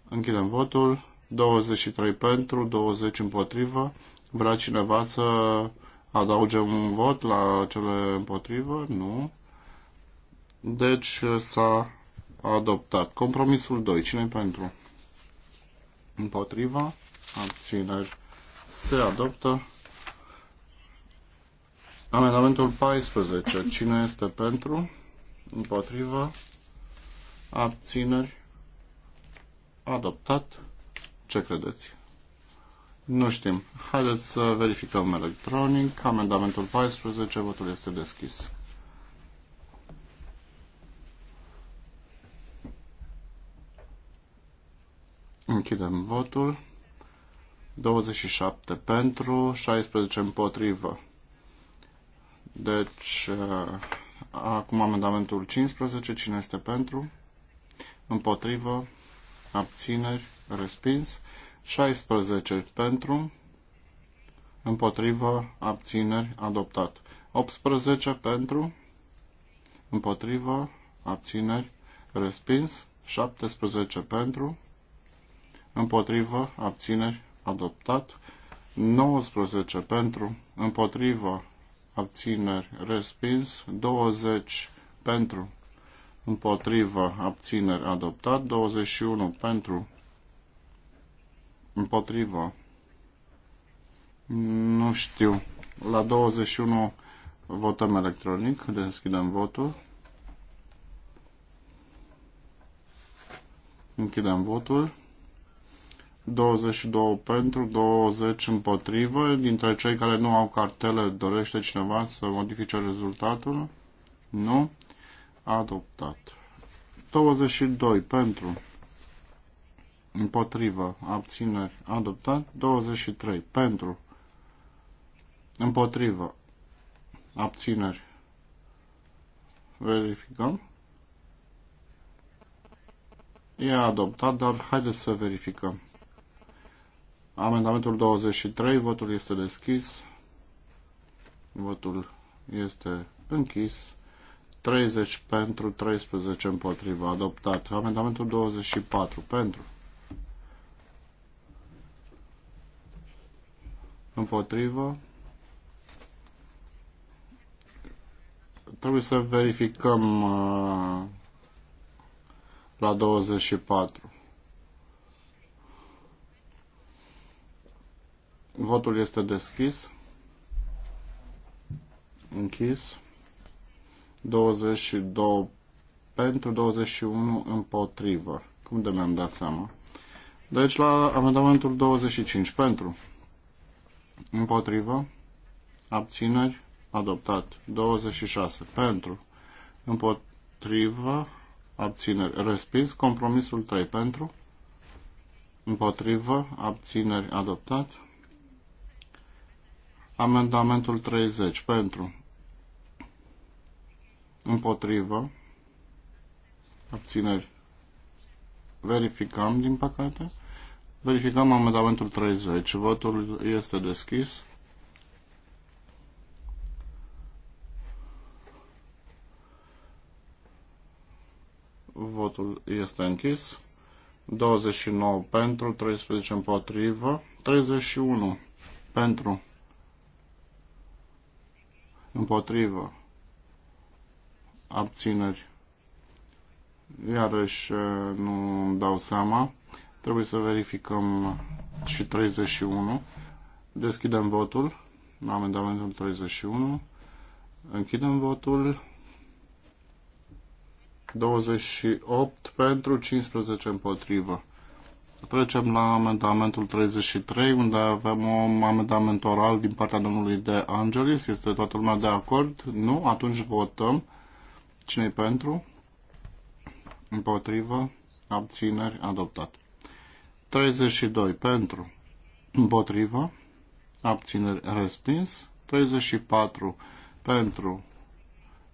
Închidem votul. 23 pentru, 20 împotrivă. Vrea cineva să adauge un vot la cele împotrivă? Nu. Deci s-a adoptat. Compromisul 2. cine pentru? Împotriva. Abțineri. Se adoptă. Amendamentul 14. Cine este pentru? Împotriva. Abțineri. Adoptat. Ce credeți? Nu știm. Haideți să verificăm electronic. Amendamentul 14, votul este deschis. Închidem votul. 27 pentru, 16 împotrivă. Deci, uh, acum amendamentul 15. Cine este pentru? Împotrivă? Abțineri? respins. 16 pentru, împotrivă, abțineri, adoptat. 18 pentru, împotrivă, abțineri, respins. 17 pentru, împotrivă, abțineri, adoptat. 19 pentru, împotrivă, abțineri, respins. 20 pentru, împotrivă, abțineri, adoptat. 21 pentru, Împotrivă. Nu știu. La 21 votăm electronic. Deschidem votul. Închidem votul. 22 pentru, 20 împotrivă. Dintre cei care nu au cartele, dorește cineva să modifice rezultatul? Nu. Adoptat. 22 pentru împotrivă, abțineri, adoptat, 23 pentru, împotrivă, abțineri, verificăm. E adoptat, dar haideți să verificăm. Amendamentul 23, votul este deschis, votul este închis. 30 pentru, 13 împotriva, adoptat. Amendamentul 24 pentru, Împotrivă. Trebuie să verificăm uh, la 24. Votul este deschis. Închis. 22 pentru, 21 împotrivă. Cum de mi-am dat seama? Deci la amendamentul 25 pentru împotrivă, abțineri, adoptat. 26 pentru, împotrivă, abțineri, respins. Compromisul 3 pentru, împotrivă, abțineri, adoptat. Amendamentul 30 pentru, împotrivă, abțineri, verificăm din păcate. Verificăm amendamentul 30. Votul este deschis. Votul este închis. 29 pentru, 13 împotrivă, 31 pentru, împotrivă, abțineri. Iarăși uh, nu dau seama. Trebuie să verificăm și 31. Deschidem votul amendamentul 31. Închidem votul. 28 pentru, 15 împotrivă. Trecem la amendamentul 33, unde avem un amendament oral din partea domnului De Angelis. Este toată lumea de acord? Nu? Atunci votăm. cine pentru? Împotrivă? Abțineri? Adoptat. 32 pentru, împotrivă, abțineri respins, 34 pentru,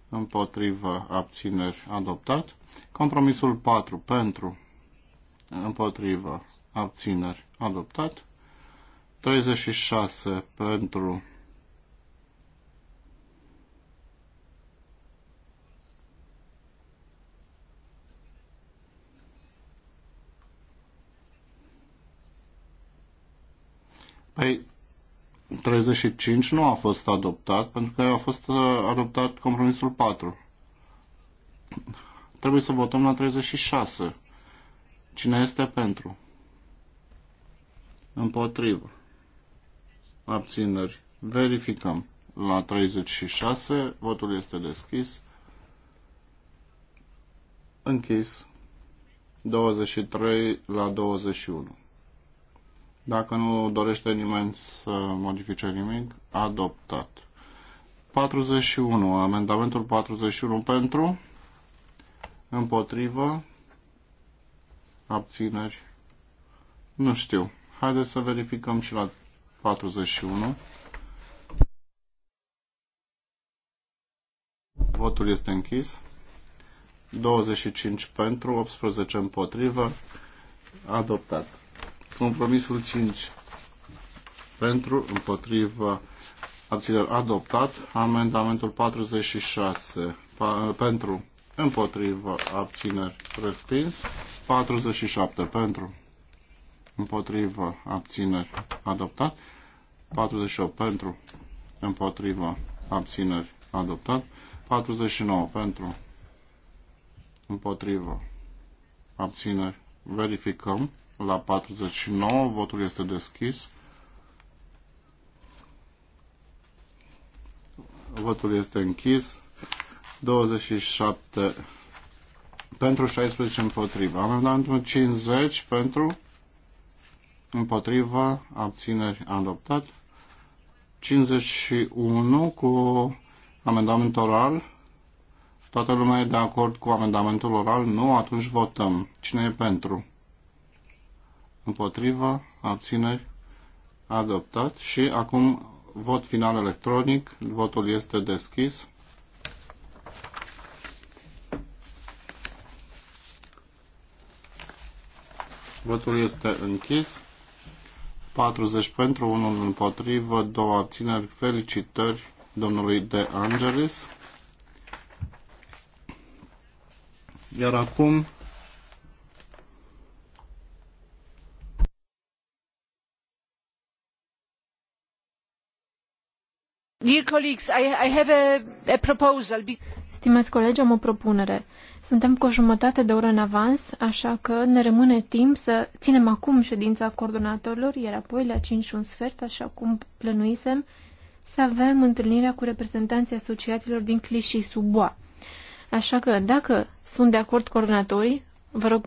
împotrivă, abțineri adoptat, compromisul 4 pentru, împotrivă, abțineri adoptat, 36 pentru, Păi, 35 nu a fost adoptat, pentru că a fost uh, adoptat compromisul 4. Trebuie să votăm la 36. Cine este pentru? Împotrivă. Abțineri. Verificăm. La 36, votul este deschis. Închis. 23 la 21. Dacă nu dorește nimeni să modifice nimic, adoptat. 41. Amendamentul 41 pentru, împotrivă, abțineri. Nu știu. Haideți să verificăm și la 41. Votul este închis. 25 pentru, 18 împotrivă. Adoptat. Compromisul 5. Pentru, împotriva, abțineri adoptat. Amendamentul 46. Pa, pentru, împotriva, abțineri respins. 47. Pentru, împotriva, abțineri adoptat. 48. Pentru, împotriva, abțineri adoptat. 49. Pentru, împotriva, abțineri verificăm la 49. Votul este deschis. Votul este închis. 27 pentru 16 împotriva. Amendamentul 50 pentru împotriva abțineri adoptat. 51 cu amendament oral. Toată lumea e de acord cu amendamentul oral? Nu? Atunci votăm. Cine e pentru? împotrivă, abțineri, adoptat. Și acum vot final electronic, votul este deschis. Votul este închis. 40 pentru, 1 împotrivă, 2 abțineri. Felicitări domnului De Angelis. Iar acum Stimați colegi, am o propunere. Suntem cu o jumătate de oră în avans, așa că ne rămâne timp să ținem acum ședința coordonatorilor, iar apoi la 5 și un sfert, așa cum plănuisem, să avem întâlnirea cu reprezentanții asociațiilor din Cliș și Suboa. Așa că, dacă sunt de acord coordonatorii, vă rog,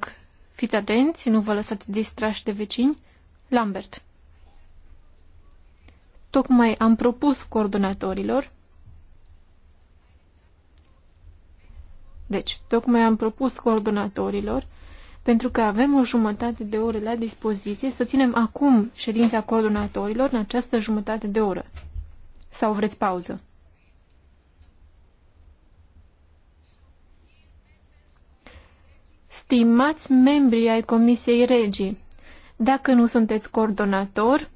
fiți atenți, nu vă lăsați distrași de vecini. Lambert. Tocmai am propus coordonatorilor Deci, tocmai am propus coordonatorilor, pentru că avem o jumătate de oră la dispoziție, să ținem acum ședința coordonatorilor în această jumătate de oră. Sau vreți pauză? Stimați membrii ai Comisiei Regii, dacă nu sunteți coordonator,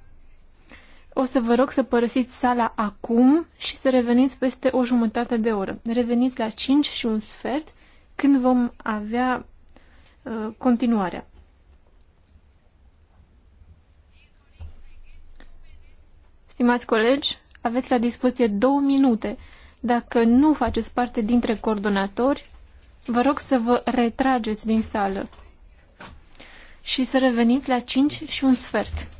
o să vă rog să părăsiți sala acum și să reveniți peste o jumătate de oră. Reveniți la 5 și un sfert când vom avea uh, continuarea. Stimați colegi, aveți la dispoziție două minute. Dacă nu faceți parte dintre coordonatori, vă rog să vă retrageți din sală și să reveniți la 5 și un sfert.